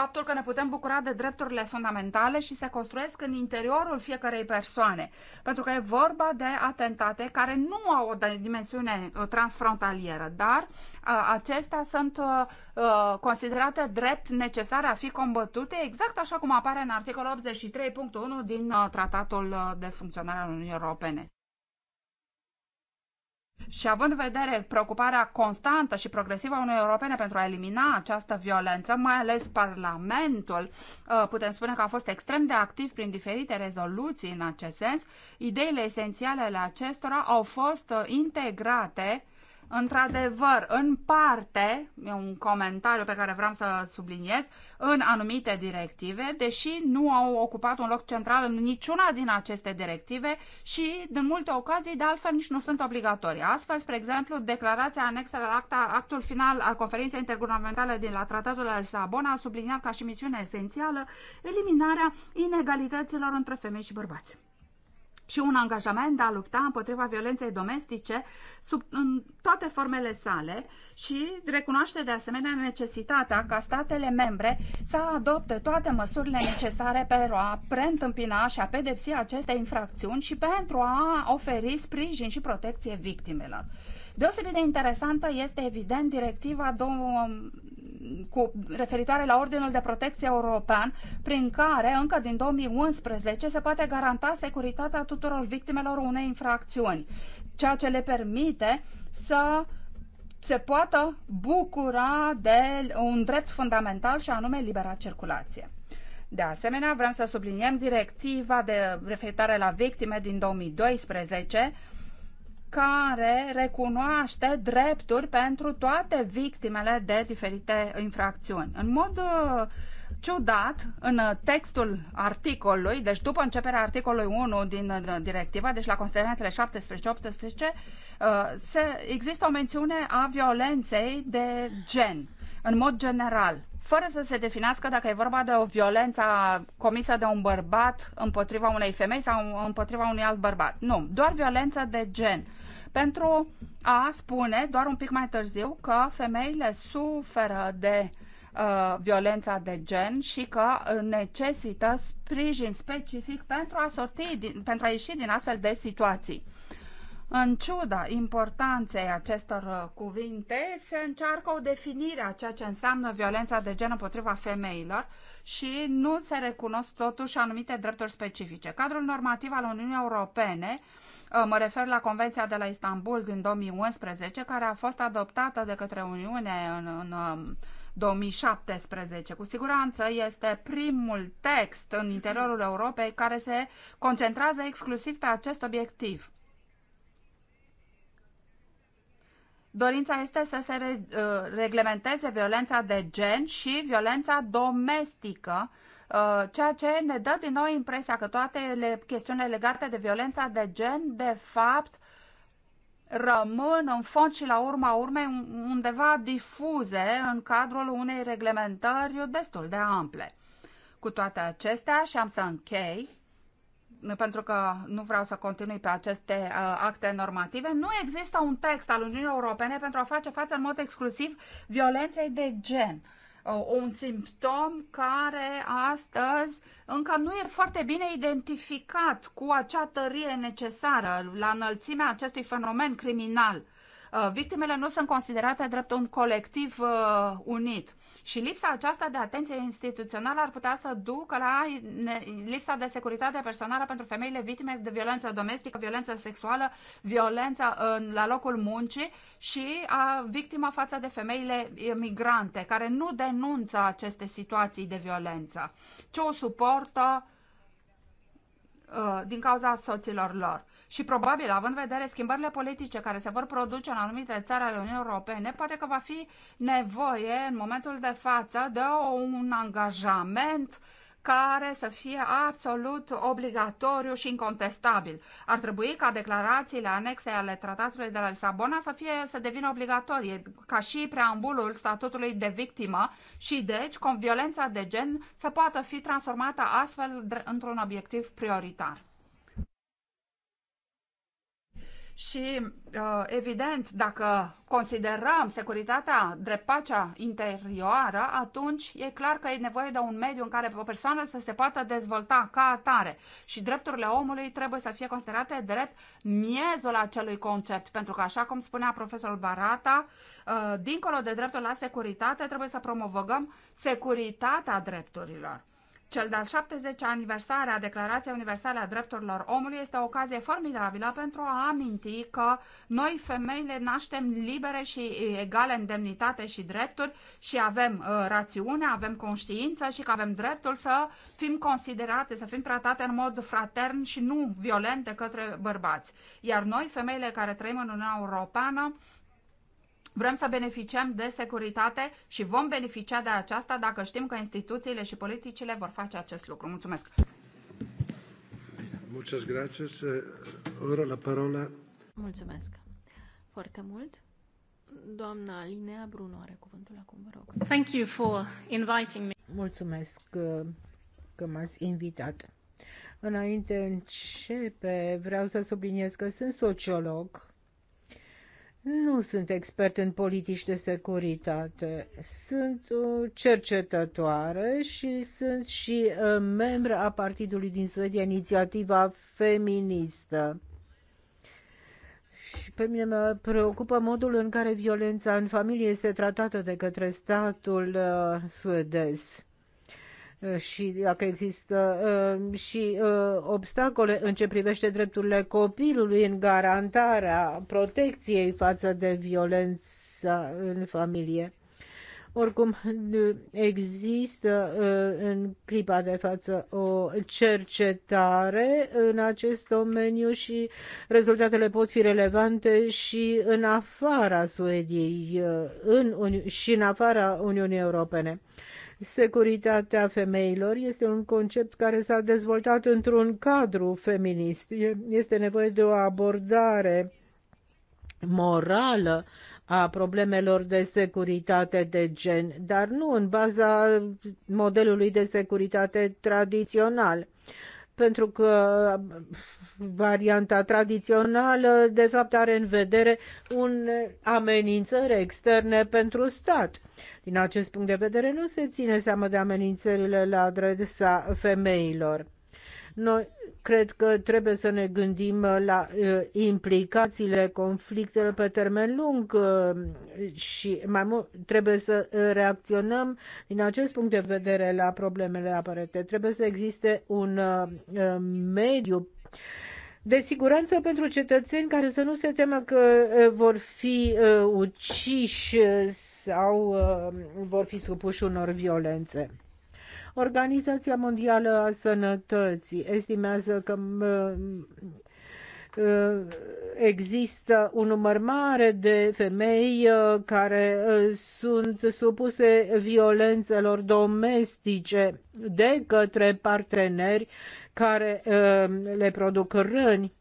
faptul că ne putem bucura de drepturile fundamentale și se construiesc în interiorul fiecarei persoane. Pentru că e vorba de atentate care nu au o dimensiune uh, transfrontalieră, dar uh, acestea sunt uh, considerate drept necesare a fi combătute, exact așa cum apare în articolul 83.1 din Tratatul de Funcționare al Uniunii Europene. Și având în vedere preocuparea constantă și progresivă a Uniunii Europene pentru a elimina această violență, mai ales Parlamentul, uh, putem spune că a fost extrem de activ prin diferite rezoluții în acest sens, ideile esențiale ale acestora au fost uh, integrate Într-adevăr, în parte, e un comentariu pe care vreau să subliniez, în anumite directive, deși nu au ocupat un loc central în niciuna din aceste directive și, în multe ocazii, de altfel nici nu sunt obligatorii. Astfel, spre exemplu, declarația anexă la acta, actul final al conferinței interguvernamentale din la Tratatul al Sabona a subliniat ca și misiune esențială eliminarea inegalităților între femei și bărbați și un angajament de a lupta împotriva violenței domestice sub, în toate formele sale și recunoaște de asemenea necesitatea ca statele membre să adopte toate măsurile necesare pentru a preîntâmpina și a pedepsi aceste infracțiuni și pentru a oferi sprijin și protecție victimelor. Deosebit de interesantă este, evident, directiva cu, referitoare la Ordinul de Protecție European, prin care încă din 2011 se poate garanta securitatea tuturor victimelor unei infracțiuni, ceea ce le permite să se poată bucura de un drept fundamental și anume libera circulație. De asemenea, vrem să subliniem directiva de referitoare la victime din 2012, care recunoaște drepturi pentru toate victimele de diferite infracțiuni. În mod uh, ciudat, în textul articolului, deci după începerea articolului 1 din uh, directiva, deci la considerentele 17-18, uh, există o mențiune a violenței de gen, în mod general fără să se definească dacă e vorba de o violență comisă de un bărbat împotriva unei femei sau împotriva unui alt bărbat. Nu, doar violență de gen pentru a spune doar un pic mai târziu că femeile suferă de uh, violența de gen și că uh, necesită sprijin specific pentru a, sorti din, pentru a ieși din astfel de situații. În ciuda importanței acestor uh, cuvinte, se încearcă o definire a ceea ce înseamnă violența de gen împotriva femeilor și nu se recunosc totuși anumite drepturi specifice. Cadrul normativ al Uniunii Europene, uh, mă refer la Convenția de la Istanbul din 2011, care a fost adoptată de către Uniune în, în 2017. Um, cu siguranță este primul text în interiorul Europei care se concentrează exclusiv pe acest obiectiv. Dorința este să se re, uh, reglementeze violența de gen și violența domestică, uh, ceea ce ne dă din nou impresia că toate le, chestiunile legate de violența de gen, de fapt, rămân în fond și la urma urmei undeva difuze în cadrul unei reglementări destul de ample. Cu toate acestea, și am să închei, pentru că nu vreau să continui pe aceste uh, acte normative, nu există un text al Uniunii Europene pentru a face față în mod exclusiv violenței de gen uh, un simptom care astăzi încă nu e foarte bine identificat cu acea tărie necesară la înălțimea acestui fenomen criminal. Uh, victimele nu sunt considerate drept un colectiv uh, unit. Și lipsa aceasta de atenție instituțională ar putea să ducă la lipsa de securitate personală pentru femeile victime de violență domestică, violență sexuală, violență uh, la locul muncii și a victima față de femeile migrante, care nu denunță aceste situații de violență, ci o suportă din cauza soților lor și probabil, având în vedere schimbările politice care se vor produce în anumite țări ale Uniunii Europene, poate că va fi nevoie în momentul de față de un angajament care să fie absolut obligatoriu și incontestabil. Ar trebui ca declarațiile anexe ale tratatului de la Lisabona să, fie, să devină obligatorie, ca și preambulul statutului de victimă și deci violența de gen să poată fi transformată astfel într-un obiectiv prioritar. Și, uh, evident, dacă considerăm securitatea drept pacea interioară, atunci e clar că e nevoie de un mediu în care o persoană să se poată dezvolta ca atare. Și drepturile omului trebuie să fie considerate drept miezul acelui concept. Pentru că, așa cum spunea profesorul Barata, uh, dincolo de dreptul la securitate, trebuie să promovăm securitatea drepturilor. Cel de-al 70-a aniversare a Declarației Universale a Drepturilor Omului este o ocazie formidabilă pentru a aminti că noi femeile naștem libere și egale în demnitate și drepturi și avem uh, rațiune, avem conștiință și că avem dreptul să fim considerate, să fim tratate în mod fratern și nu violente către bărbați. Iar noi, femeile care trăim în Uniunea Europeană, Vrem să beneficiem de securitate și vom beneficia de aceasta dacă știm că instituțiile și politicile vor face acest lucru. Mulțumesc! Muchas gracias. Eh, Ora la parola. Mulțumesc foarte mult. Doamna Linea Bruno are cuvântul acum, vă rog. Thank you for inviting me. Mulțumesc că m-ați invitat. Înainte începe, vreau să subliniez că sunt sociolog nu sunt expert în politici de securitate. Sunt o uh, cercetătoare și sunt și uh, membră a partidului din Suedia, Inițiativa Feministă. Și pe mine mă preocupă modul în care violența în familie este tratată de către statul uh, suedez. Uh, și dacă există uh, și uh, obstacole în ce privește drepturile copilului în garantarea protecției față de violența în familie. Oricum, există în clipa de față o cercetare în acest domeniu și rezultatele pot fi relevante și în afara Suediei în, și în afara Uniunii Europene. Securitatea femeilor este un concept care s-a dezvoltat într-un cadru feminist. Este nevoie de o abordare morală a problemelor de securitate de gen, dar nu în baza modelului de securitate tradițional pentru că varianta tradițională de fapt are în vedere un amenințări externe pentru stat. Din acest punct de vedere nu se ține seama de amenințările la adresa femeilor. Noi cred că trebuie să ne gândim la uh, implicațiile conflictelor pe termen lung uh, și mai mult trebuie să uh, reacționăm din acest punct de vedere la problemele apărate. Trebuie să existe un mediu de siguranță pentru cetățeni care să nu se temă că vor fi uciși sau vor fi supuși unor violențe. Organizația Mondială a Sănătății estimează că uh, există un număr mare de femei uh, care uh, sunt supuse violențelor domestice de către parteneri care le produc răni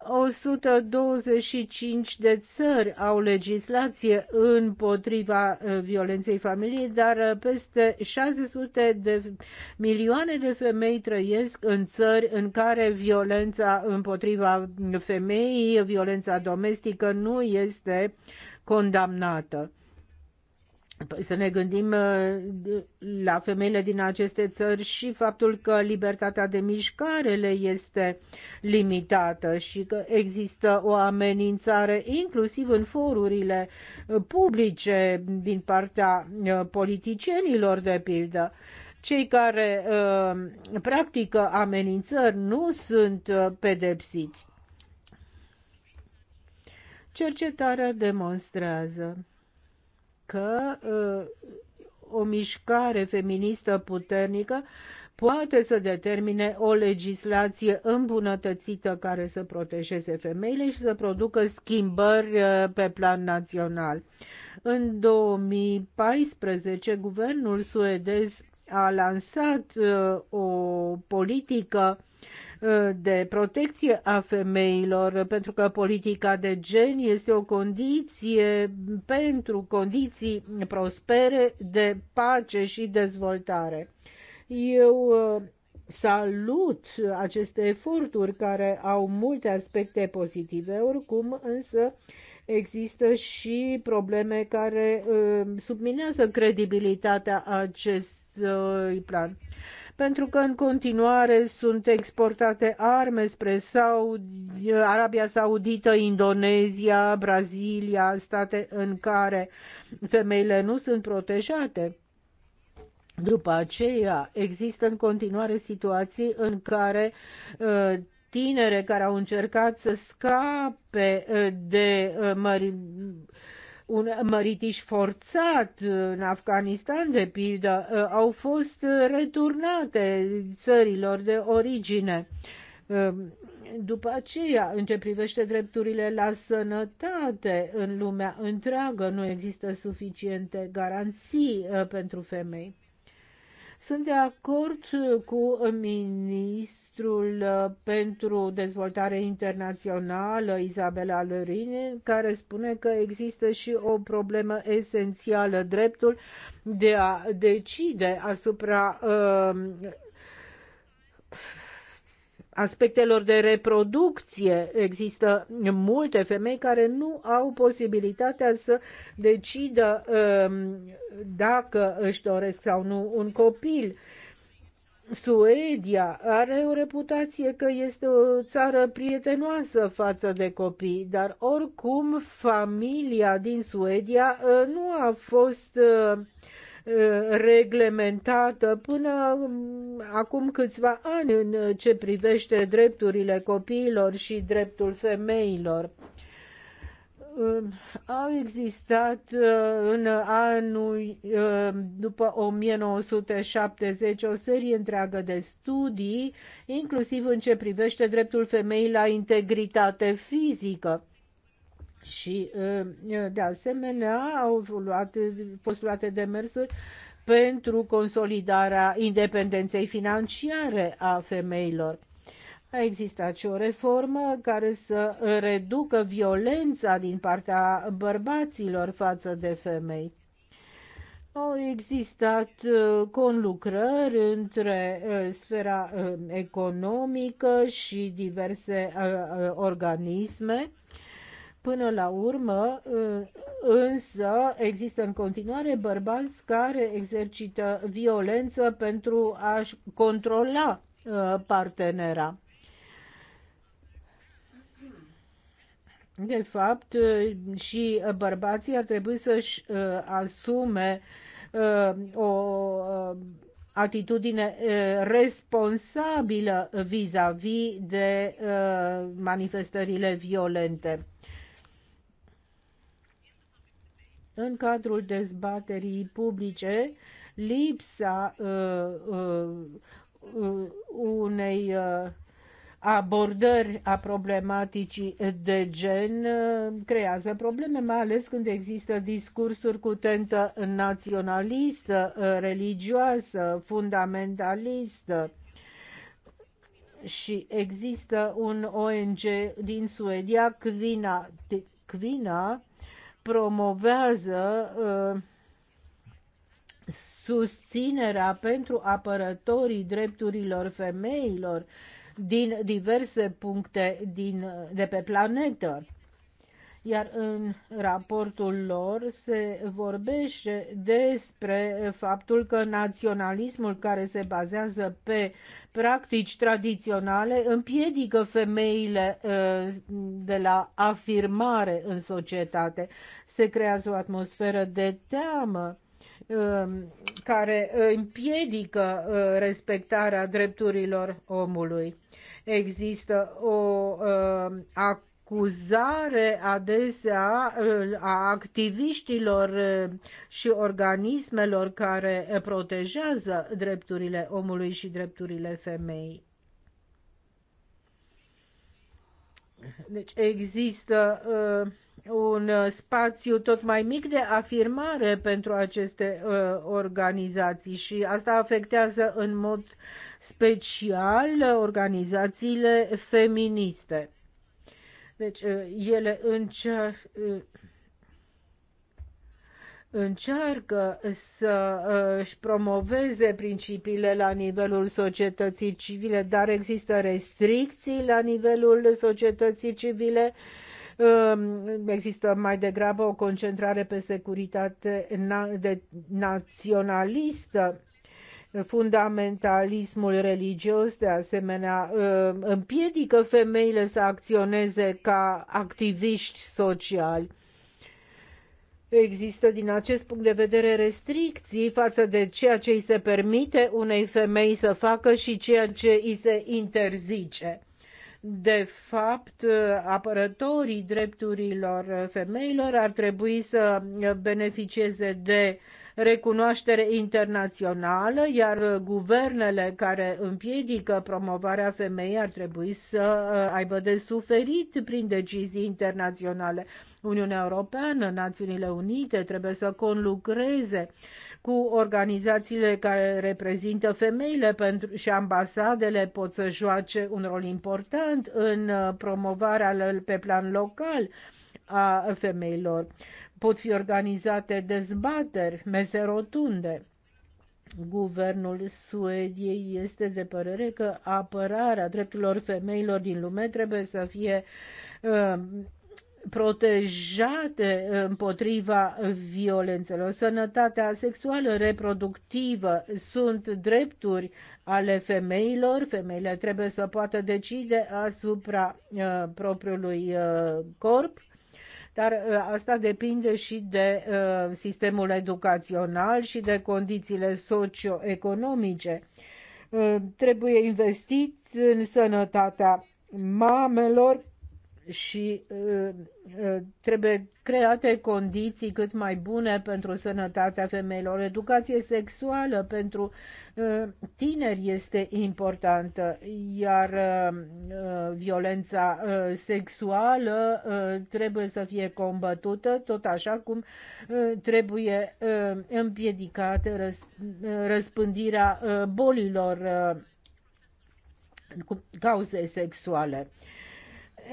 125 de țări au legislație împotriva uh, violenței familiei, dar uh, peste 600 de milioane de femei trăiesc în țări în care violența împotriva femeii, violența domestică nu este condamnată. Păi să ne gândim uh, la femeile din aceste țări și faptul că libertatea de mișcare le este limitată și că există o amenințare inclusiv în forurile uh, publice din partea uh, politicienilor de pildă. Cei care practică amenințări nu sunt pedepsiți. Cercetarea demonstrează că uh, o mișcare feministă puternică poate să determine o legislație îmbunătățită care să protejeze femeile și să producă schimbări uh, pe plan național. În 2014, guvernul suedez a lansat uh, o politică Uh, de protecție a femeilor, pentru că politica de gen este o condiție pentru condiții prospere de pace și dezvoltare. Eu uh, salut aceste eforturi care au multe aspecte pozitive, oricum însă există și probleme care uh, subminează credibilitatea acestui plan pentru că în continuare sunt exportate arme spre Saudi, Arabia Saudită, Indonezia, Brazilia, state în care femeile nu sunt protejate. După aceea, există în continuare situații în care uh, tinere care au încercat să scape uh, de uh, mări, un măritiș forțat în Afganistan, de pildă, uh, au fost returnate țărilor de origine. Um, după aceea, în ce privește drepturile la sănătate în lumea întreagă, nu există suficiente garanții uh, pentru femei. Sunt de acord cu ministrul ministrul uh, pentru dezvoltare internațională, Isabela Lărini, care spune că există și o problemă esențială, dreptul de a decide asupra uh, aspectelor de reproducție. Există multe femei care nu au posibilitatea să decidă uh, dacă își doresc sau nu un copil. Suedia are o reputație că este o țară prietenoasă față de copii, dar oricum familia din Suedia uh, nu a fost uh, uh, reglementată până um, acum câțiva ani în ce privește drepturile copiilor și dreptul femeilor. Uh, au existat uh, în anul uh, după 1970 o serie întreagă de studii, inclusiv în ce privește dreptul femeii la integritate fizică. Și, de asemenea, au luat, fost luate demersuri pentru consolidarea independenței financiare a femeilor. A existat și o reformă care să reducă violența din partea bărbaților față de femei. Au existat uh, conlucrări între uh, sfera uh, economică și diverse organisme. Până la urmă, însă, există în continuare bărbați care exercită violență pentru a-și controla partenera. De fapt, și bărbații ar trebui să-și asume o atitudine responsabilă vis-a-vis -vis de manifestările violente. În cadrul dezbaterii publice, lipsa uh, uh, unei uh, abordări a problematicii de gen uh, creează probleme, mai ales când există discursuri cu tentă naționalistă, uh, religioasă, fundamentalistă. Și există un ONG din Suedia, Kvina, Kvina promovează uh, susținerea pentru apărătorii drepturilor femeilor uh, din diverse puncte din, de pe planetă. Iar în raportul lor se vorbește despre faptul că naționalismul care se bazează pe practici tradiționale împiedică femeile uh, de la afirmare în societate. Se creează o atmosferă de teamă Um, care împiedică uh, respectarea drepturilor omului. Există o um, acuzare adesea uh, a activiștilor uh, și organismelor care protejează drepturile omului și drepturile femei. Deci există uh, un uh, spațiu tot mai mic de afirmare pentru aceste uh, organizații și asta afectează în mod special organizațiile feministe. Deci uh, ele încerc uh, încearcă să uh, își promoveze principiile la nivelul societății civile, dar există restricții la nivelul societății civile uh, Ehm, există mai degrabă o concentrare pe securitate de naționalistă fundamentalismul religios, de asemenea, ehm, împiedică femeile să acționeze ca activiști sociali. Există din acest punct de vedere restricții față de ceea ce îi se permite unei femei să facă și ceea ce îi se interzice de fapt, apărătorii drepturilor femeilor ar trebui să beneficieze de recunoaștere internațională, iar guvernele care împiedică promovarea femeii ar trebui să uh, aibă de suferit prin decizii internaționale. Uniunea Europeană, Națiunile Unite trebuie să conlucreze cu organizațiile care reprezintă femeile pentru, și ambasadele pot să joace un rol important în uh, promovarea pe plan local a femeilor. Pot fi organizate dezbateri, mese rotunde. Guvernul Suediei este de părere că apărarea drepturilor femeilor din lume trebuie să fie uh, protejate împotriva violențelor. Sănătatea sexuală reproductivă sunt drepturi ale femeilor. Femeile trebuie să poată decide asupra uh, propriului uh, corp dar uh, asta depinde și de uh, sistemul educațional și de condițiile socioeconomice. Uh, trebuie investit în sănătatea mamelor, și uh, uh, trebuie create condiții cât mai bune pentru sănătatea femeilor. Educație sexuală pentru uh, tineri este importantă, iar violența sexuală trebuie să fie combătută, tot așa cum trebuie împiedicată răspândirea bolilor cu cauze sexuale.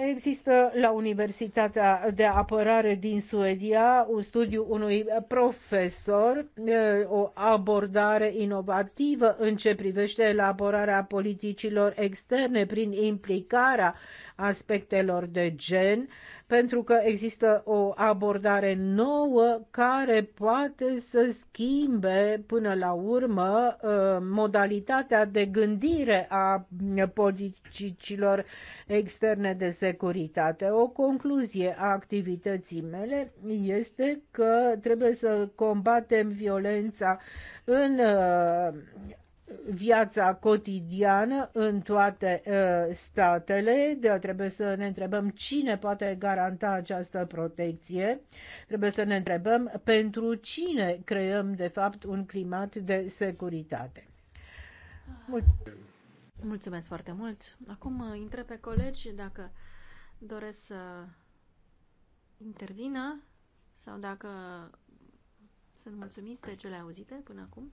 Există la Universitatea de Apărare din Suedia un studiu unui profesor, eh, o abordare inovativă în ce privește elaborarea politicilor externe prin implicarea aspectelor de gen pentru că există o abordare nouă care poate să schimbe până la urmă uh, modalitatea de gândire a politicilor externe de securitate. O concluzie a activității mele este că trebuie să combatem violența în uh, viața cotidiană în toate uh, statele. De trebuie să ne întrebăm cine poate garanta această protecție. Trebuie să ne întrebăm pentru cine creăm, de fapt, un climat de securitate. Mul- Mulțumesc foarte mult. Acum uh, intre pe colegi dacă doresc să intervină sau dacă sunt mulțumiți de cele auzite până acum.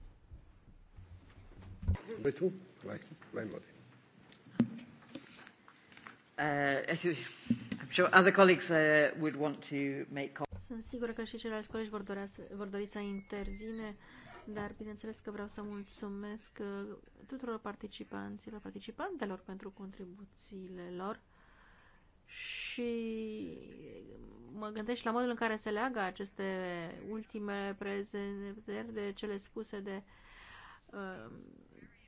Sunt sigură că și ceilalți colegi vor, dorea să, vor dori să intervine, dar bineînțeles că vreau să mulțumesc uh, tuturor participanților, participantelor pentru contribuțiile lor și mă gândesc și la modul în care se leagă aceste ultime prezentări de cele spuse de uh,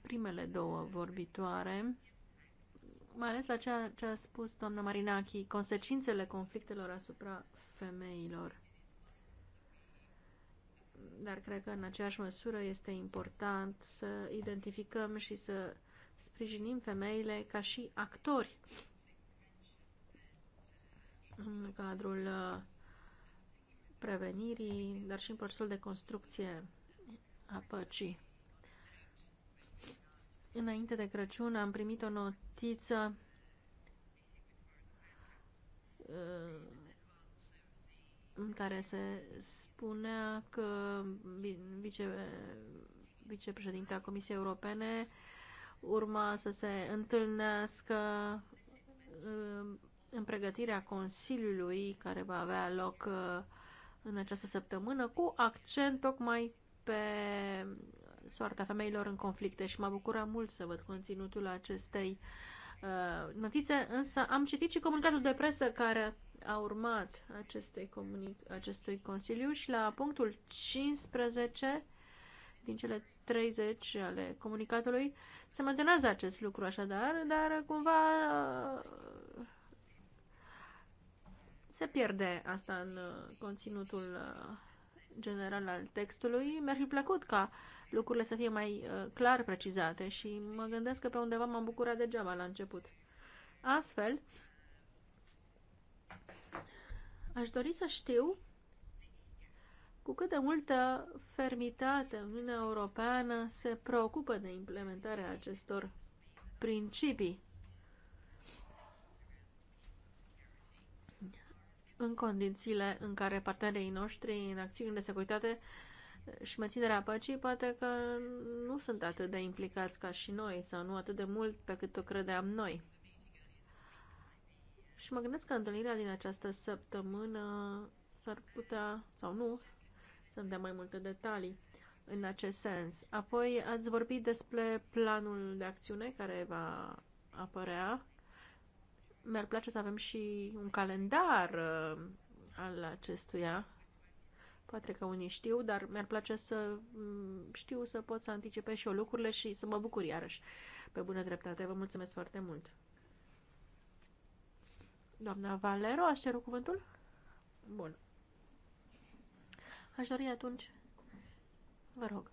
primele două vorbitoare, mai ales la ceea ce a spus doamna Marinachi, consecințele conflictelor asupra femeilor. Dar cred că în aceeași măsură este important să identificăm și să sprijinim femeile ca și actori în cadrul uh, prevenirii, dar și în procesul de construcție a păcii. Înainte de Crăciun am primit o notiță uh, în care se spunea că vice, vicepreședintea Comisiei Europene urma să se întâlnească uh, în pregătirea Consiliului care va avea loc uh, în această săptămână cu accent tocmai pe soarta femeilor în conflicte și mă bucură mult să văd conținutul acestei uh, notițe, însă am citit și comunicatul de presă care a urmat acestei comunic- acestui Consiliu și la punctul 15 din cele 30 ale comunicatului se menționează acest lucru așadar, dar cumva uh, se pierde asta în uh, conținutul general al textului. Mi-ar fi plăcut ca uh, lucrurile să fie mai uh, clar precizate și mă gândesc că pe undeva m-am bucurat degeaba la început. Astfel, aș dori să știu cu cât de multă fermitate Uniunea Europeană se preocupă de implementarea acestor principii în condițiile în care partenerii noștri în acțiuni de securitate uh, și menținerea păcii, poate că nu sunt atât de implicați ca și noi sau nu atât de mult pe cât o credeam noi. Și mă gândesc că întâlnirea din această săptămână s-ar putea, sau nu, să-mi dea mai multe detalii în acest sens. Apoi ați vorbit despre planul de acțiune care va apărea. Mi-ar place să avem și un calendar uh, al acestuia Poate că unii știu, dar mi-ar place să mm, știu, să pot să anticipez și eu lucrurile și să mă bucur iarăși. Pe bună dreptate, vă mulțumesc foarte mult. Doamna Valero, aș ceru cuvântul? Bun. Aș dori atunci. Vă rog.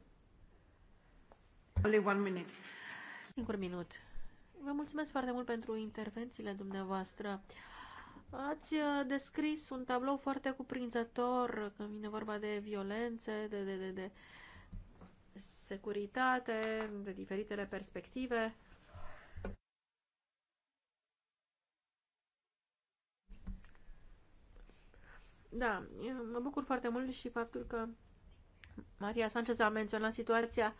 Only one minute. un minut. Vă mulțumesc foarte mult pentru intervențiile dumneavoastră. Ați uh, descris un tablou foarte cuprinzător când vine vorba de violențe, de, de, de, de securitate, de diferitele perspective. Da, mă bucur foarte mult și faptul că Maria Sanchez a menționat situația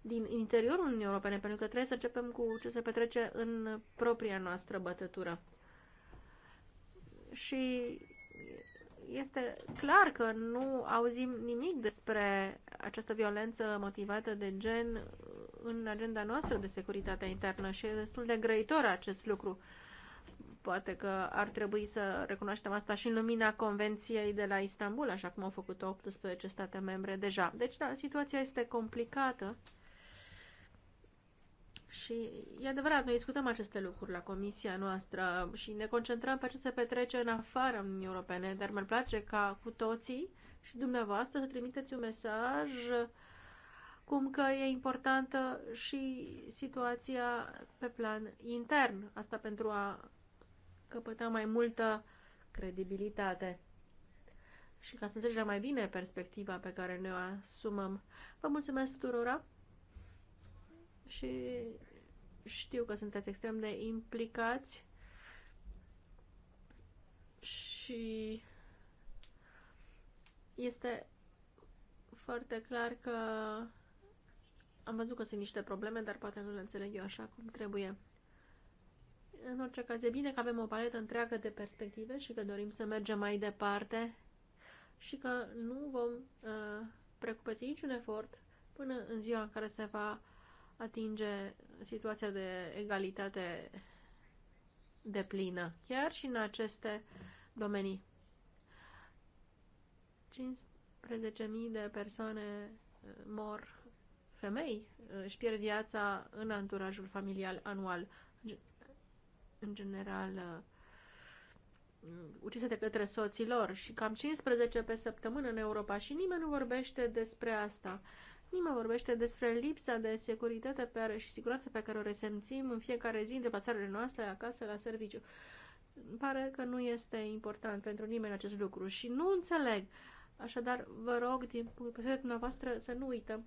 din interiorul Uniunii Europene, pentru că trebuie să începem cu ce se petrece în propria noastră bătătură și este clar că nu auzim nimic despre această violență motivată de gen în agenda noastră de securitate internă și e destul de grăitor acest lucru. Poate că ar trebui să recunoaștem asta și în lumina Convenției de la Istanbul, așa cum au făcut 18 state membre deja. Deci, da, situația este complicată și e adevărat, noi discutăm aceste lucruri la comisia noastră și ne concentrăm pe ce se petrece în afara Uniunii Europene, dar mi-ar place ca cu toții și dumneavoastră să trimiteți un mesaj cum că e importantă și situația pe plan intern, asta pentru a căpăta mai multă credibilitate și ca să înțelegem mai bine perspectiva pe care ne o asumăm. Vă mulțumesc tuturora! și știu că sunteți extrem de implicați și este foarte clar că am văzut că sunt niște probleme, dar poate nu le înțeleg eu așa cum trebuie. În orice caz, e bine că avem o paletă întreagă de perspective și că dorim să mergem mai departe și că nu vom uh, precupeți niciun efort până în ziua în care se va atinge situația de egalitate de plină, chiar și în aceste domenii. 15.000 de persoane uh, mor femei, uh, își pierd viața în anturajul familial anual. În general, uh, ucise de către lor și cam 15 pe săptămână în Europa și nimeni nu vorbește despre asta. Nimeni vorbește despre lipsa de securitate pe care, și siguranță pe care o resemțim în fiecare zi în deplasările noastre, acasă, la serviciu. pare că nu este important pentru nimeni acest lucru și nu înțeleg. Așadar, vă rog, din perspectiva dumneavoastră, să nu uităm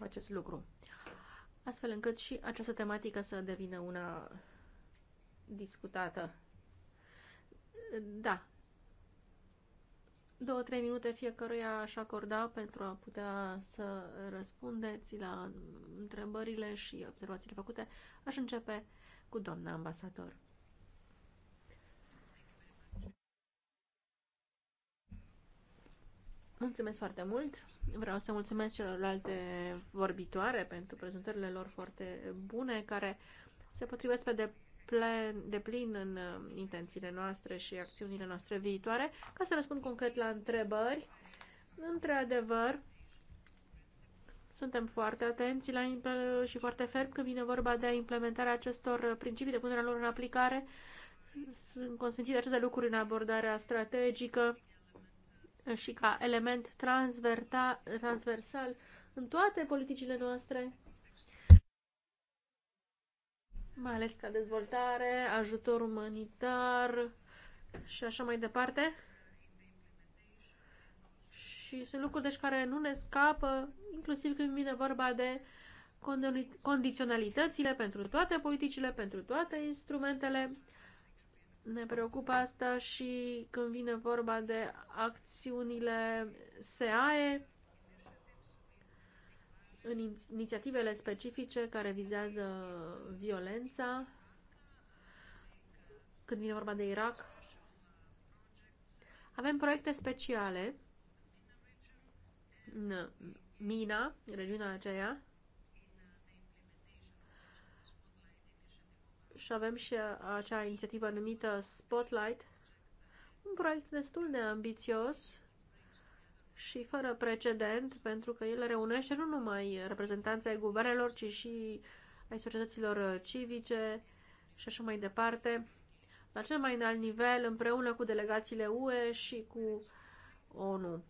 acest lucru. Astfel încât și această tematică să devină una discutată. Da, Două-trei minute fiecăruia aș acorda pentru a putea să răspundeți la întrebările și observațiile făcute. Aș începe cu doamna ambasador. Mulțumesc foarte mult. Vreau să mulțumesc celorlalte vorbitoare pentru prezentările lor foarte bune, care se potrivesc pe plen, de plin în uh, intențiile noastre și acțiunile noastre viitoare. Ca să răspund concret la întrebări, într-adevăr, suntem foarte atenți la și foarte ferm când vine vorba de implementarea acestor principii de punerea lor în aplicare. Sunt consfințite de aceste lucruri în abordarea strategică și ca element transversal în toate politicile noastre mai ales ca dezvoltare, ajutor umanitar și așa mai departe. Și sunt lucruri deci care nu ne scapă, inclusiv când vine vorba de condiționalitățile pentru toate politicile, pentru toate instrumentele. Ne preocupă asta și când vine vorba de acțiunile SAE, în inițiativele specifice care vizează violența, când vine vorba de Irak. Avem proiecte speciale în Mina, regiunea aceea, și avem și acea inițiativă numită Spotlight, un proiect destul de ambițios și fără precedent, pentru că el reunește nu numai reprezentanții ai guvernelor, ci și ai societăților civice și așa mai departe, la cel mai înalt nivel, împreună cu delegațiile UE și cu ONU.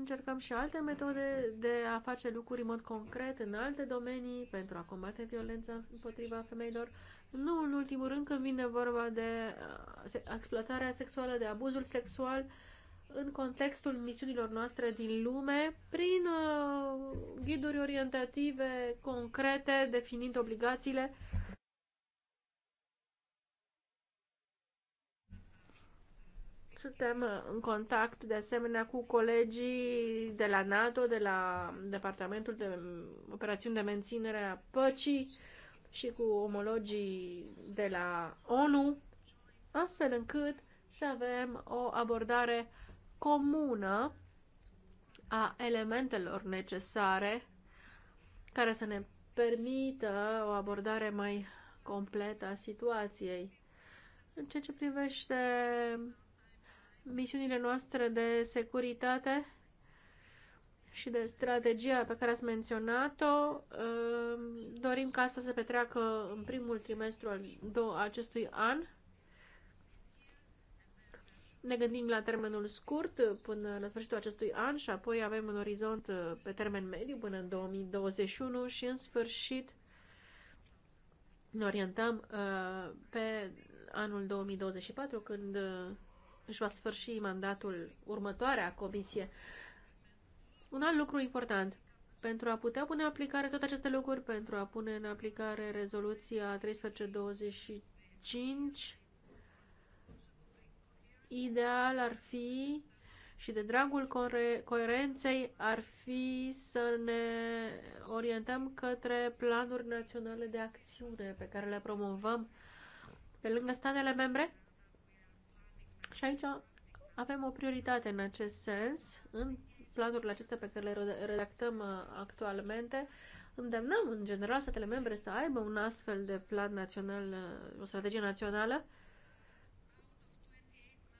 Încercăm și alte metode de a face lucruri în mod concret în alte domenii pentru a combate violența împotriva femeilor. Nu în ultimul rând când vine vorba de uh, exploatarea sexuală, de abuzul sexual, în contextul misiunilor noastre din lume prin uh, ghiduri orientative concrete definind obligațiile Suntem în contact de asemenea cu colegii de la NATO, de la Departamentul de Operațiuni de Menținere a Păcii și cu omologii de la ONU, astfel încât să avem o abordare comună a elementelor necesare care să ne permită o abordare mai completă a situației. În ceea ce privește misiunile noastre de securitate și de strategia pe care ați menționat-o, um, dorim ca asta să se petreacă în primul trimestru al acestui an ne gândim la termenul scurt uh, până la sfârșitul acestui an și apoi avem un orizont uh, pe termen mediu până în 2021 și în sfârșit ne orientăm uh, pe anul 2024 când uh, își va sfârși mandatul următoarea comisie. Un alt lucru important pentru a putea pune în aplicare toate aceste lucruri, pentru a pune în aplicare rezoluția 1325 Ideal ar fi și de dragul coerenței ar fi să ne orientăm către planuri naționale de acțiune pe care le promovăm pe lângă statele membre. Și aici avem o prioritate în acest sens, în planurile acestea pe care le redactăm uh, actualmente. Îndemnăm, în general, statele membre să aibă un astfel de plan național, uh, o strategie națională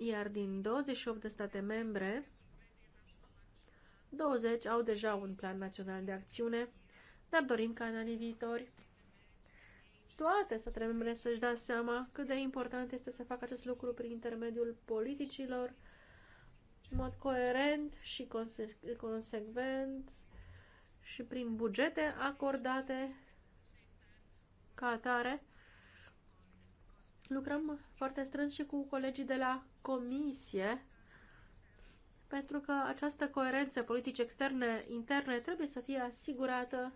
iar din 28 de state membre, 20 au deja un plan național de acțiune, dar dorim ca în anii viitori toate statele membre să-și dea seama cât de important este să facă acest lucru prin intermediul politicilor, în mod coerent și conse consecvent și prin bugete acordate ca atare Lucrăm foarte strâns și cu colegii de la Comisie, pentru că această coerență politici externe, interne, trebuie să fie asigurată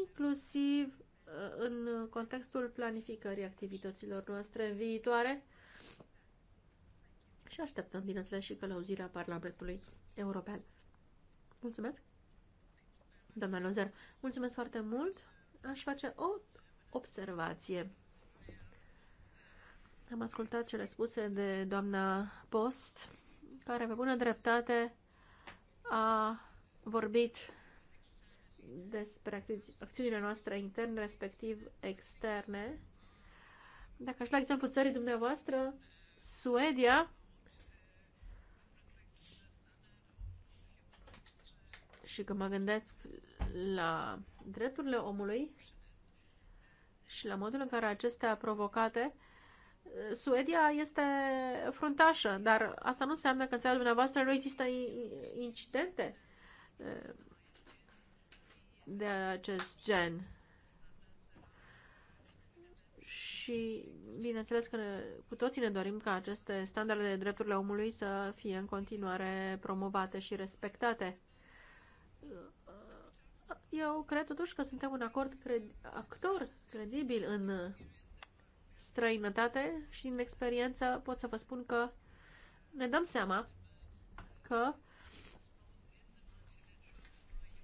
inclusiv uh, în contextul planificării activităților noastre viitoare și așteptăm, bineînțeles, și călăuzirea Parlamentului European. Mulțumesc, doamna Lozer. Mulțumesc foarte mult. Aș face o observație. Am ascultat cele spuse de doamna Post, care pe bună dreptate a vorbit despre acțiunile noastre interne, respectiv externe. Dacă aș lua exemplu țării dumneavoastră, Suedia, și că mă gândesc la drepturile omului și la modul în care acestea provocate Suedia este fruntașă, dar asta nu înseamnă că în țara dumneavoastră nu există incidente eh, de acest gen. Și bineînțeles că ne, cu toții ne dorim ca aceste standarde de drepturile omului să fie în continuare promovate și respectate. Eu cred totuși că suntem un acord cred, actor credibil în străinătate și din experiență pot să vă spun că ne dăm seama că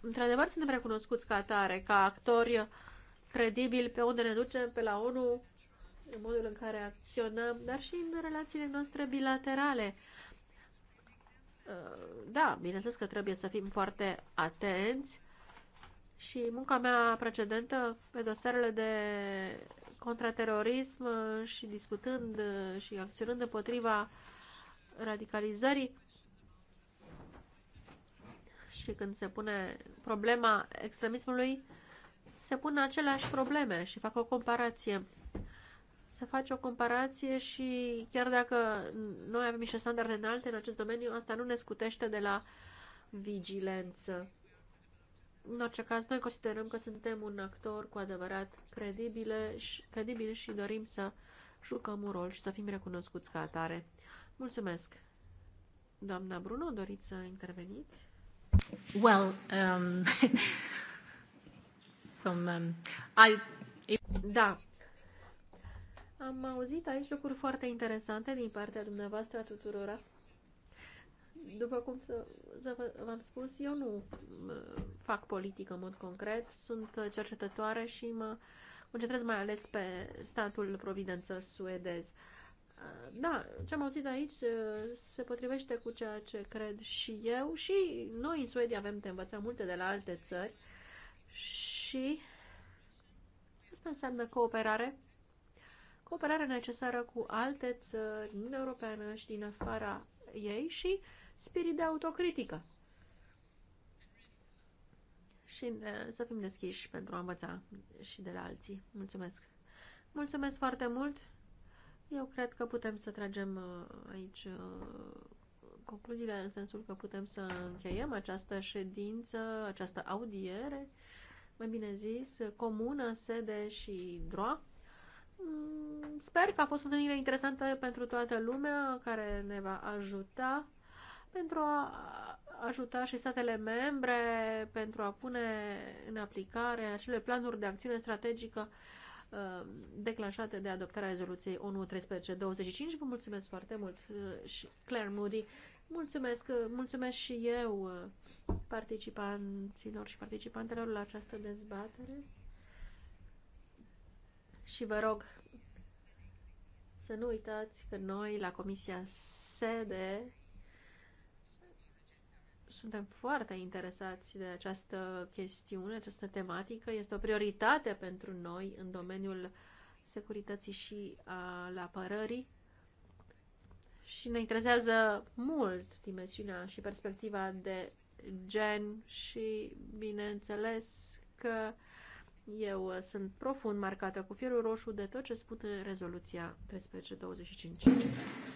într-adevăr suntem recunoscuți ca atare, ca actori credibili pe unde ne ducem, pe la ONU, în modul în care acționăm, dar și în relațiile noastre bilaterale. Uh, da, bineînțeles că trebuie să fim foarte atenți și munca mea precedentă pe dosarele de contraterorism uh, și discutând uh, și acționând împotriva radicalizării și când se pune problema extremismului, se pun aceleași probleme și fac o comparație. Se face o comparație și chiar dacă noi avem niște standarde înalte în acest domeniu, asta nu ne scutește de la vigilență. În orice caz, noi considerăm că suntem un actor cu adevărat credibile și, credibil și dorim să jucăm un rol și să fim recunoscuți ca atare. Mulțumesc! Doamna Bruno, doriți să interveniți? Well, um, some, um, I... Da. Am auzit aici lucruri foarte interesante din partea dumneavoastră a tuturora. După cum v-am spus, eu nu fac politică în mod concret, sunt cercetătoare și mă concentrez mai ales pe statul providență suedez. Uh, da, ce am auzit aici uh, se potrivește cu ceea ce cred și eu și noi în Suedia avem de învățat multe de la alte țări și asta înseamnă cooperare, cooperare necesară cu alte țări din Europeană și din afara ei și uh, spirit de autocritică și eh, să fim deschiși pentru a învăța și de la alții. Mulțumesc! Mulțumesc foarte mult! Eu cred că putem să tragem eh, aici eh, concluziile în sensul că putem să încheiem această ședință, această audiere, mai bine zis, comună, sede și droa. Mm, sper că a fost o întâlnire interesantă pentru toată lumea care ne va ajuta pentru a ajuta și statele membre pentru a pune în aplicare acele planuri de acțiune strategică uh, declanșate de adoptarea rezoluției ONU 1325. Vă mulțumesc foarte mult uh, și Claire Moody. Mulțumesc, uh, mulțumesc și eu participanților și participantelor la această dezbatere. Și vă rog să nu uitați că noi la Comisia SEDE suntem foarte interesați de această chestiune, această tematică. Este o prioritate pentru noi în domeniul securității și al apărării și ne interesează mult dimensiunea și perspectiva de gen și, bineînțeles, că eu sunt profund marcată cu firul roșu de tot ce spune rezoluția 1325.